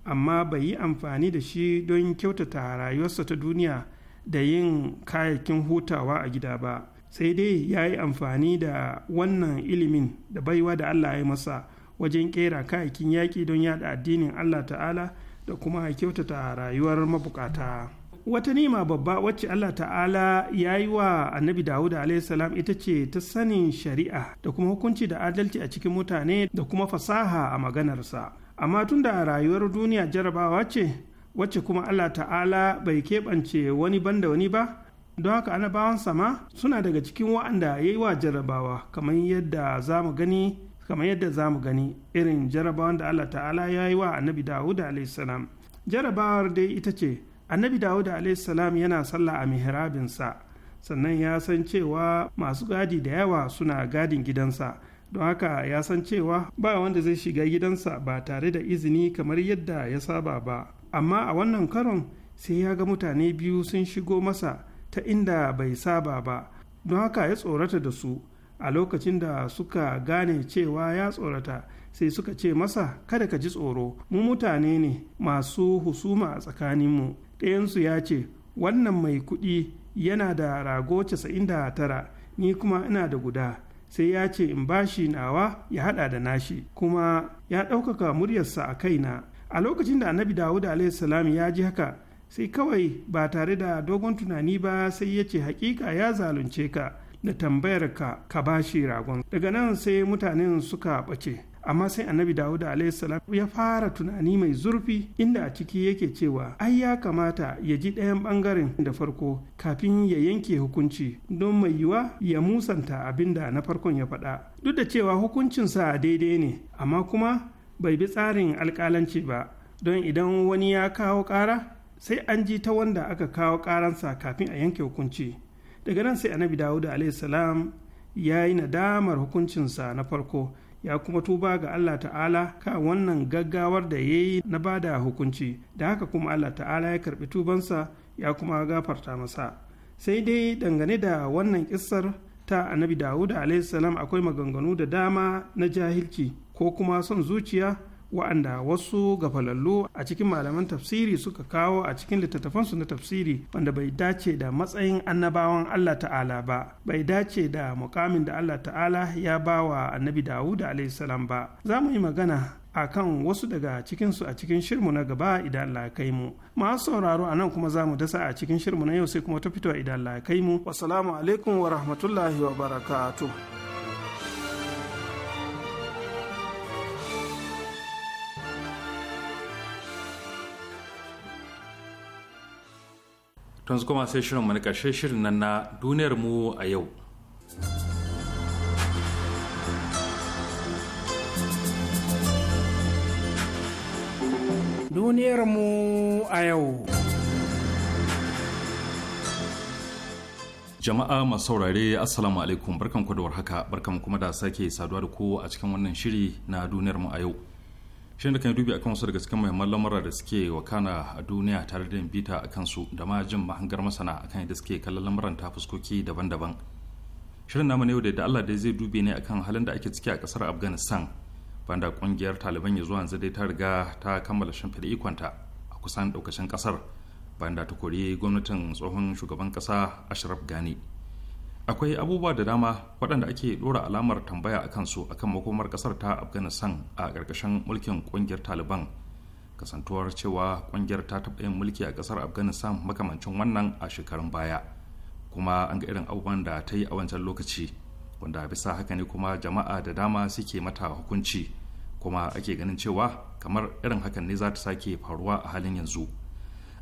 amma bai yi amfani da shi don kyautata rayuwarsa ta duniya da yin kayakin hutawa a gida ba sai dai ya yi amfani da wannan ilimin da baiwa da allah ya masa wajen kera kayakin yaƙi don yada addinin allah ta'ala da kuma kyautata rayuwar mabukata wata nima babba wacce allah ta'ala ya yi wa annabi dawuda salam ita ce ta sanin shari'a da kuma hukunci da adalci a cikin mutane da kuma fasaha a maganarsa amma tun da rayuwar duniya jarabawa ce wacce kuma Allah ta'ala bai keɓance wani banda wani ba don haka annabawansa ma suna daga cikin wa'anda ya yi wa jarrabawa kamar yadda za mu gani kamar yadda za mu gani irin jarabawan da Allah ta'ala ya yi wa annabi Dawud alaihissalam jarabawar dai ita ce annabi Dawud alaihissalam yana sallah a mihrabinsa sannan ya san cewa masu gadi da yawa suna gadin gidansa don haka ya san cewa ba wanda zai shiga gidansa ba tare da izini kamar yadda ya saba ba amma a wannan karon sai ya ga mutane biyu sun shigo masa ta inda bai saba ba don haka ya tsorata da su a lokacin da suka gane cewa ya tsorata sai suka ce masa kada ka ji tsoro mu mutane ne masu husuma a tsakaninmu ɗayansu ya ce wannan mai kuɗi yana da rago casa'in da tara, ni kuma ina da guda sai ya ce in bashi nawa ya haɗa da nashi kuma ya ɗaukaka muryarsa a kaina a lokacin da annabi dawud salam ya ji haka sai kawai ba tare da dogon tunani ba sai ya ce hakika ya zalunce ka da tambayar ka ka bashi ragon daga nan sai mutanen suka ɓace amma sai annabi dawud salam ya fara tunani mai zurfi inda a ciki yake cewa ai ya kamata ya ji ɗayan ɓangaren da farko kafin ya yanke hukunci don mai yiwa ya musanta abin da na farkon ya faɗa duk da cewa hukuncinsa daidai ne amma kuma bai bi tsarin alkalanci ba don idan wani ya kawo kara sai an ji ta wanda aka kawo ƙaransa kafin a yanke hukunci daga nan sai annabi dawud alaihissalam ya yi nadamar hukuncinsa na farko ya kuma tuba ga allah ta'ala kan wannan gaggawar da ya yi na bada hukunci da haka kuma allah ta'ala ya karbi tubansa ya kuma gafarta masa sai dai dangane da wannan kissar ta annabi dawud alaihissalam akwai maganganu da dama na jahilci ko kuma son zuciya wa'anda wasu gafalallu a cikin malaman tafsiri suka kawo a cikin littattafansu na tafsiri wanda bai dace da matsayin annabawan Allah ta'ala ba bai dace da mukamin da Allah ta'ala ya ba wa annabi Dawud alaihissalam ba za mu yi magana a kan wasu daga cikinsu a cikin shirmu na gaba idan Allah ya kai mu masu sauraro a nan kuma za mu dasa a cikin shirmu na yau sai kuma ta fito idan Allah ya kai mu wasalamu alaikum wa rahmatullahi wa barakatuh tun kuma sai shirin mu na karshe shirin nan na duniyar mu a yau duniyar mu a yau jama'a masu saurare assalamu alaikum barkan ku haka barkan kuma da sake saduwa da ku a cikin wannan shiri na duniyar mu a yau shin da kan dubi akan wasu daga cikin muhimman lamura da suke wakana a duniya tare da bita a kansu da ma jin mahangar masana akan yadda suke kallon lamuran ta fuskoki daban-daban shirin namu ne da Allah dai zai dube ne akan halin da ake ciki a kasar Afghanistan banda kungiyar Taliban ya zuwa yanzu dai ta riga ta kammala shimfida ikonta a kusan daukacin kasar banda ta kori gwamnatin tsohon shugaban kasa Ashraf Ghani akwai abubuwa da dama waɗanda ake ɗora alamar tambaya a kansu akan makomar ƙasar ta afghanistan a ƙarƙashin mulkin ƙungiyar taliban kasantuwar cewa ƙungiyar ta taɓa yin mulki a ƙasar afghanistan makamancin wannan a shekarun baya kuma an ga irin abubuwan da ta yi a wancan lokaci wanda bisa haka ne kuma jama'a da dama suke mata hukunci kuma ake ganin cewa kamar irin hakan ne za ta sake faruwa a halin yanzu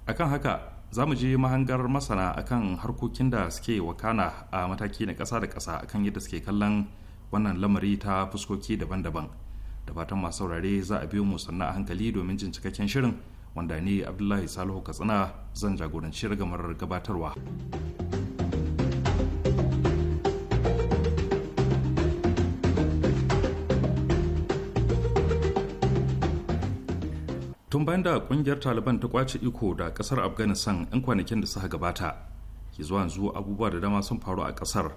akan haka za mu je mahangar masana akan harkokin da suke wakana a mataki na ƙasa da ƙasa akan yadda suke kallon wannan lamari ta fuskoki daban-daban da fatan masu saurare za a biyo mu sannan a hankali domin jin cikakken shirin wanda ni abdullahi salihu katsina zan jagoranci ragamar gabatarwa. tun bayan da kungiyar taliban ta kwace iko da kasar afghanistan 'yan kwanakin da suka gabata ki zuwa yanzu abubuwa da dama sun faru a kasar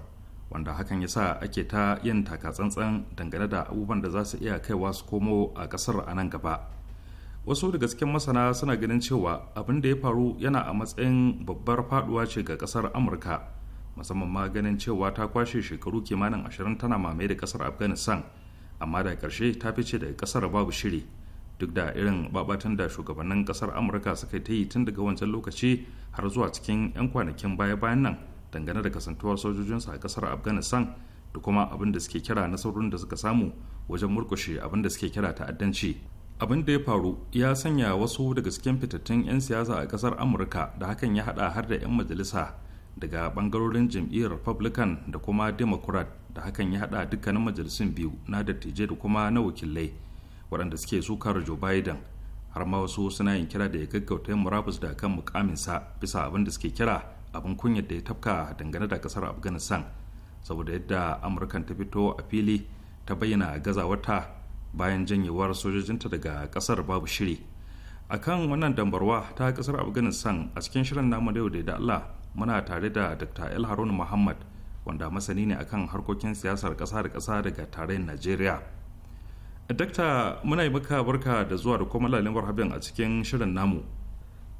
wanda hakan ya sa ake ta yin takatsantsan dangane da abubuwan da za su iya kaiwa su komo a kasar a nan gaba wasu daga cikin masana suna ganin cewa abin da ya faru yana a matsayin babbar faduwa ce ga kasar amurka musamman ma ganin cewa ta kwashe shekaru kimanin ashirin tana mamaye da kasar afghanistan amma da karshe ta fice daga kasar babu shiri duk da irin babatan da shugabannin kasar amurka suka ta yi tun daga wancan lokaci har zuwa cikin 'yan kwanakin baya-bayan nan dangane da kasantuwar sojojinsu a kasar afghanistan da kuma abin da suke kira na saurin da suka samu wajen murkushe abin da suke kira ta'addanci abin da ya faru ya sanya wasu daga cikin fitattun 'yan siyasa a kasar amurka da hakan ya hada har da 'yan majalisa daga bangarorin jam'iyyar republican da kuma democrat da hakan ya hada dukkanin majalisun biyu na dattijai da kuma na wakilai waɗanda suke sukar joe biden har ma wasu suna yin kira da ya gaggauta murabus da kan mukaminsa bisa abin da suke kira abin kunyar da ya tafka dangane da kasar afghanistan saboda yadda amurkan ta fito a fili ta bayyana gazawarta bayan janyewar sojojinta daga kasar babu shiri akan wannan dambarwa ta kasar afghanistan a cikin shirin namu da yau da allah muna tare da dr el harun muhammad wanda masani ne akan harkokin siyasar kasa da kasa daga tarayyar najeriya dakta muna yi maka barka da zuwa da kuma lalin habin a cikin shirin namu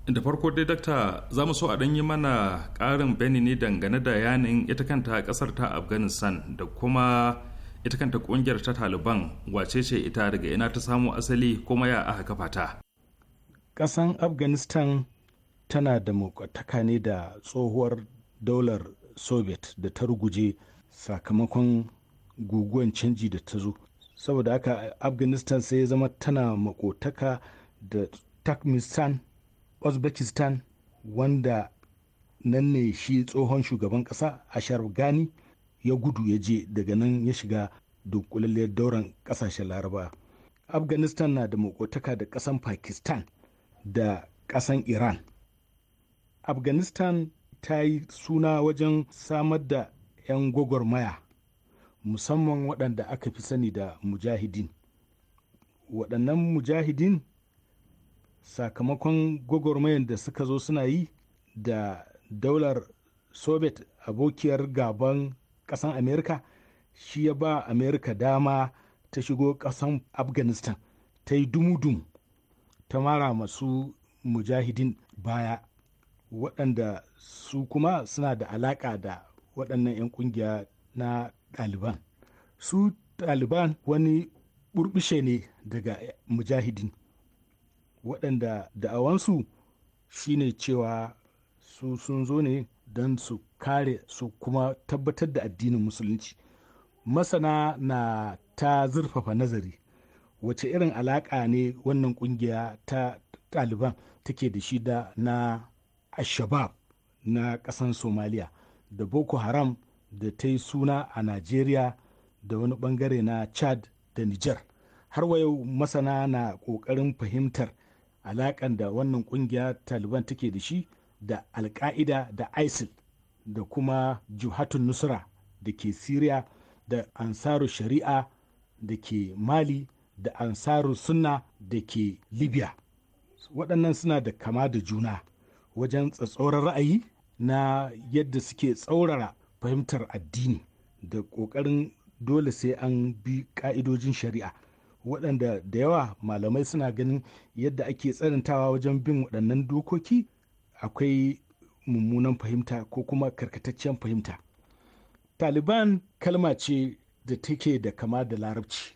da farko dai dakta za mu so a ɗan yi mana ƙarin bani ne dangane da yanin ita kanta ƙasar ta afghanistan da kuma ita kanta ƙungiyar ta taliban wace ce ita daga ina ta samo asali kuma ya aka kafa ta ƙasan afghanistan tana da mukwataka ne da tsohuwar daular soviet da ta ruguje sakamakon guguwan canji da ta zo saboda haka afghanistan sai ya zama tana makotaka da turkmenistan uzbekistan wanda nan ne shi tsohon shugaban kasa ashar gani ya gudu ya je daga nan ya shiga dunkulalliyar dauran kasashen laraba afghanistan na da makotaka da kasan pakistan da kasan iran afghanistan ta yi suna wajen samar da 'yan gwagwarmaya musamman waɗanda aka fi sani da mujahidin waɗannan mujahidin sakamakon gwagwarmayar da suka zo suna yi da daular soviet abokiyar gaban ƙasan amerika shi ya ba amerika dama ta shigo ƙasan afghanistan ta yi dumudum ta mara masu mujahidin baya waɗanda su kuma suna da alaƙa da waɗannan 'yan ƙungiya na ɗaliban su ɗaliban wani burbushe ne daga mujahidin waɗanda da'awansu shine cewa su sun zo ne don su kare su kuma tabbatar da addinin musulunci masana na ta zurfafa nazari wace irin alaƙa ne wannan ƙungiya ta ɗaliban take da shida na ashabab na ƙasan somaliya da boko haram da ta yi suna a Najeriya da wani bangare na Chad da Niger. Har wa masana na ƙoƙarin fahimtar alaƙan da wannan ƙungiya Taliban take da shi da Alƙa'ida da ISIL da kuma Juhatun Nusra da ke Siriya da Ansaru Shari'a da ke Mali da Ansaru Sunna da ke Libya. Waɗannan suna da kama da juna wajen tsatsauran ra'ayi na yadda suke tsaurara fahimtar addini da ƙoƙarin dole sai an bi ƙa'idojin shari'a waɗanda da yawa malamai suna ganin yadda ake tsarantawa wajen bin waɗannan dokoki akwai mummunan fahimta ko kuma karkataccen fahimta taliban kalma ce da take da kama da larabci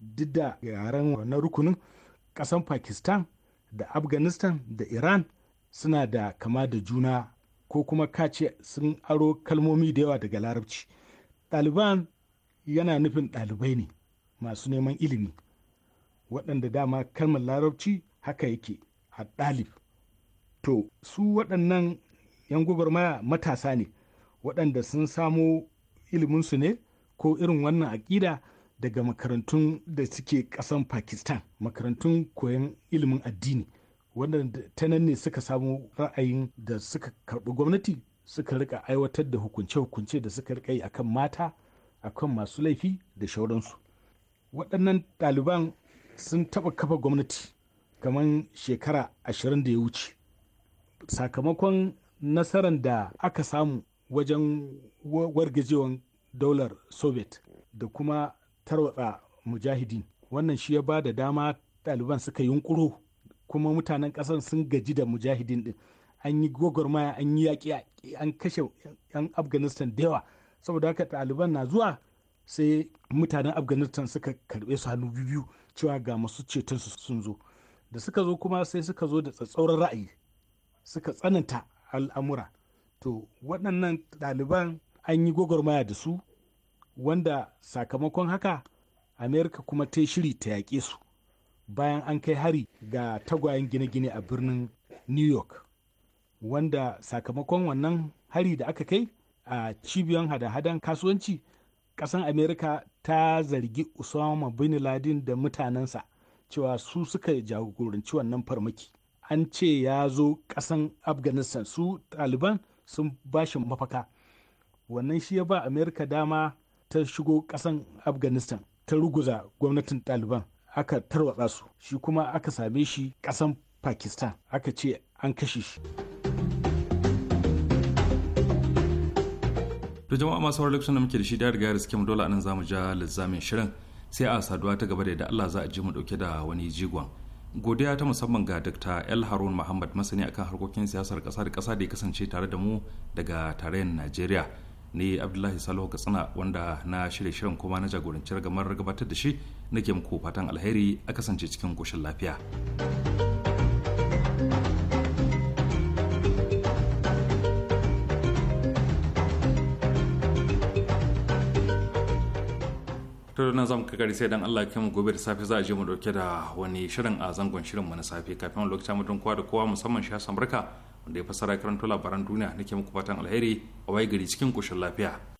duk da yaren wannan rukunin ƙasan pakistan da afghanistan da iran suna da kama da juna ko kuma kace sun aro kalmomi da yawa daga larabci ɗaliban yana nufin ɗalibai ne masu neman ilimi waɗanda dama kalmar larabci haka yake a ɗalib to su waɗannan 'yan gwagwarmaya matasa ne waɗanda sun samo iliminsu ne ko irin wannan aƙida daga makarantun da suke ƙasan pakistan makarantun koyon ilimin addini wannan ta nan ne suka samu ra'ayin da suka karɓi gwamnati suka rika aiwatar da hukunce-hukunce da suka rika yi akan mata akan masu laifi da shauransu waɗannan ɗaliban sun taɓa kafa gwamnati kamar shekara ashirin da ya wuce sakamakon nasarar da aka samu wajen wargajewan daular soviet da kuma tarwatsa mujahidin wannan shi ya ba da dama ɗaliban suka yunkuro kuma mutanen ƙasar sun gaji da mujahidin din an yi gwagwarmaya an yi yaƙi an kashe yan afghanistan da yawa saboda haka ɗaliban na zuwa sai mutanen afghanistan suka karɓe su hannu biyu cewa ga masu ceton su sun zo da suka zo kuma sai suka zo da tsatsauran ra'ayi suka tsananta al'amura to waɗannan ɗaliban an yi gwagwarmaya da su wanda sakamakon haka amerika kuma ta shiri ta yaƙe su bayan an kai hari ga tagwayen gine-gine a birnin new york wanda sakamakon wannan hari da aka kai a cibiyar hada-hadan kasuwanci kasan america ta zargi usama bin laden da mutanensa cewa su suka jagoranci wannan farmaki an ce ya zo kasan afghanistan su taliban sun bashi mafaka wannan shi ya ba america dama ta shigo kasan afghanistan ta ruguza gwamnatin taliban aka tarwatsa su shi kuma aka same shi kasan pakistan aka ce an kashe shi to jama'a masu wani lokacin da muke da shi da riga riske dole anan zamu ja lizamin shirin sai a saduwa ta gaba da yadda Allah za a ji mu dauke da wani jigon godiya ta musamman ga Dr. El Harun Muhammad masani akan harkokin siyasar kasa da kasa da ya kasance tare da mu daga tarayyar Najeriya ni abdullahi salihu katsina wanda na shirya shirin kuma na jagoranci ragamar gabatar da shi nake muku fatan alheri a kasance cikin koshin lafiya tare nan zamu kakari sai dan Allah ke mu gobe da safe za a je mu dauke da wani shirin a zangon shirin mu na safe kafin lokacin mutum kowa da kowa musamman shi Hassan Barka wanda ya fassara karanto labaran duniya nake muku fatan alheri a waye gari cikin koshin lafiya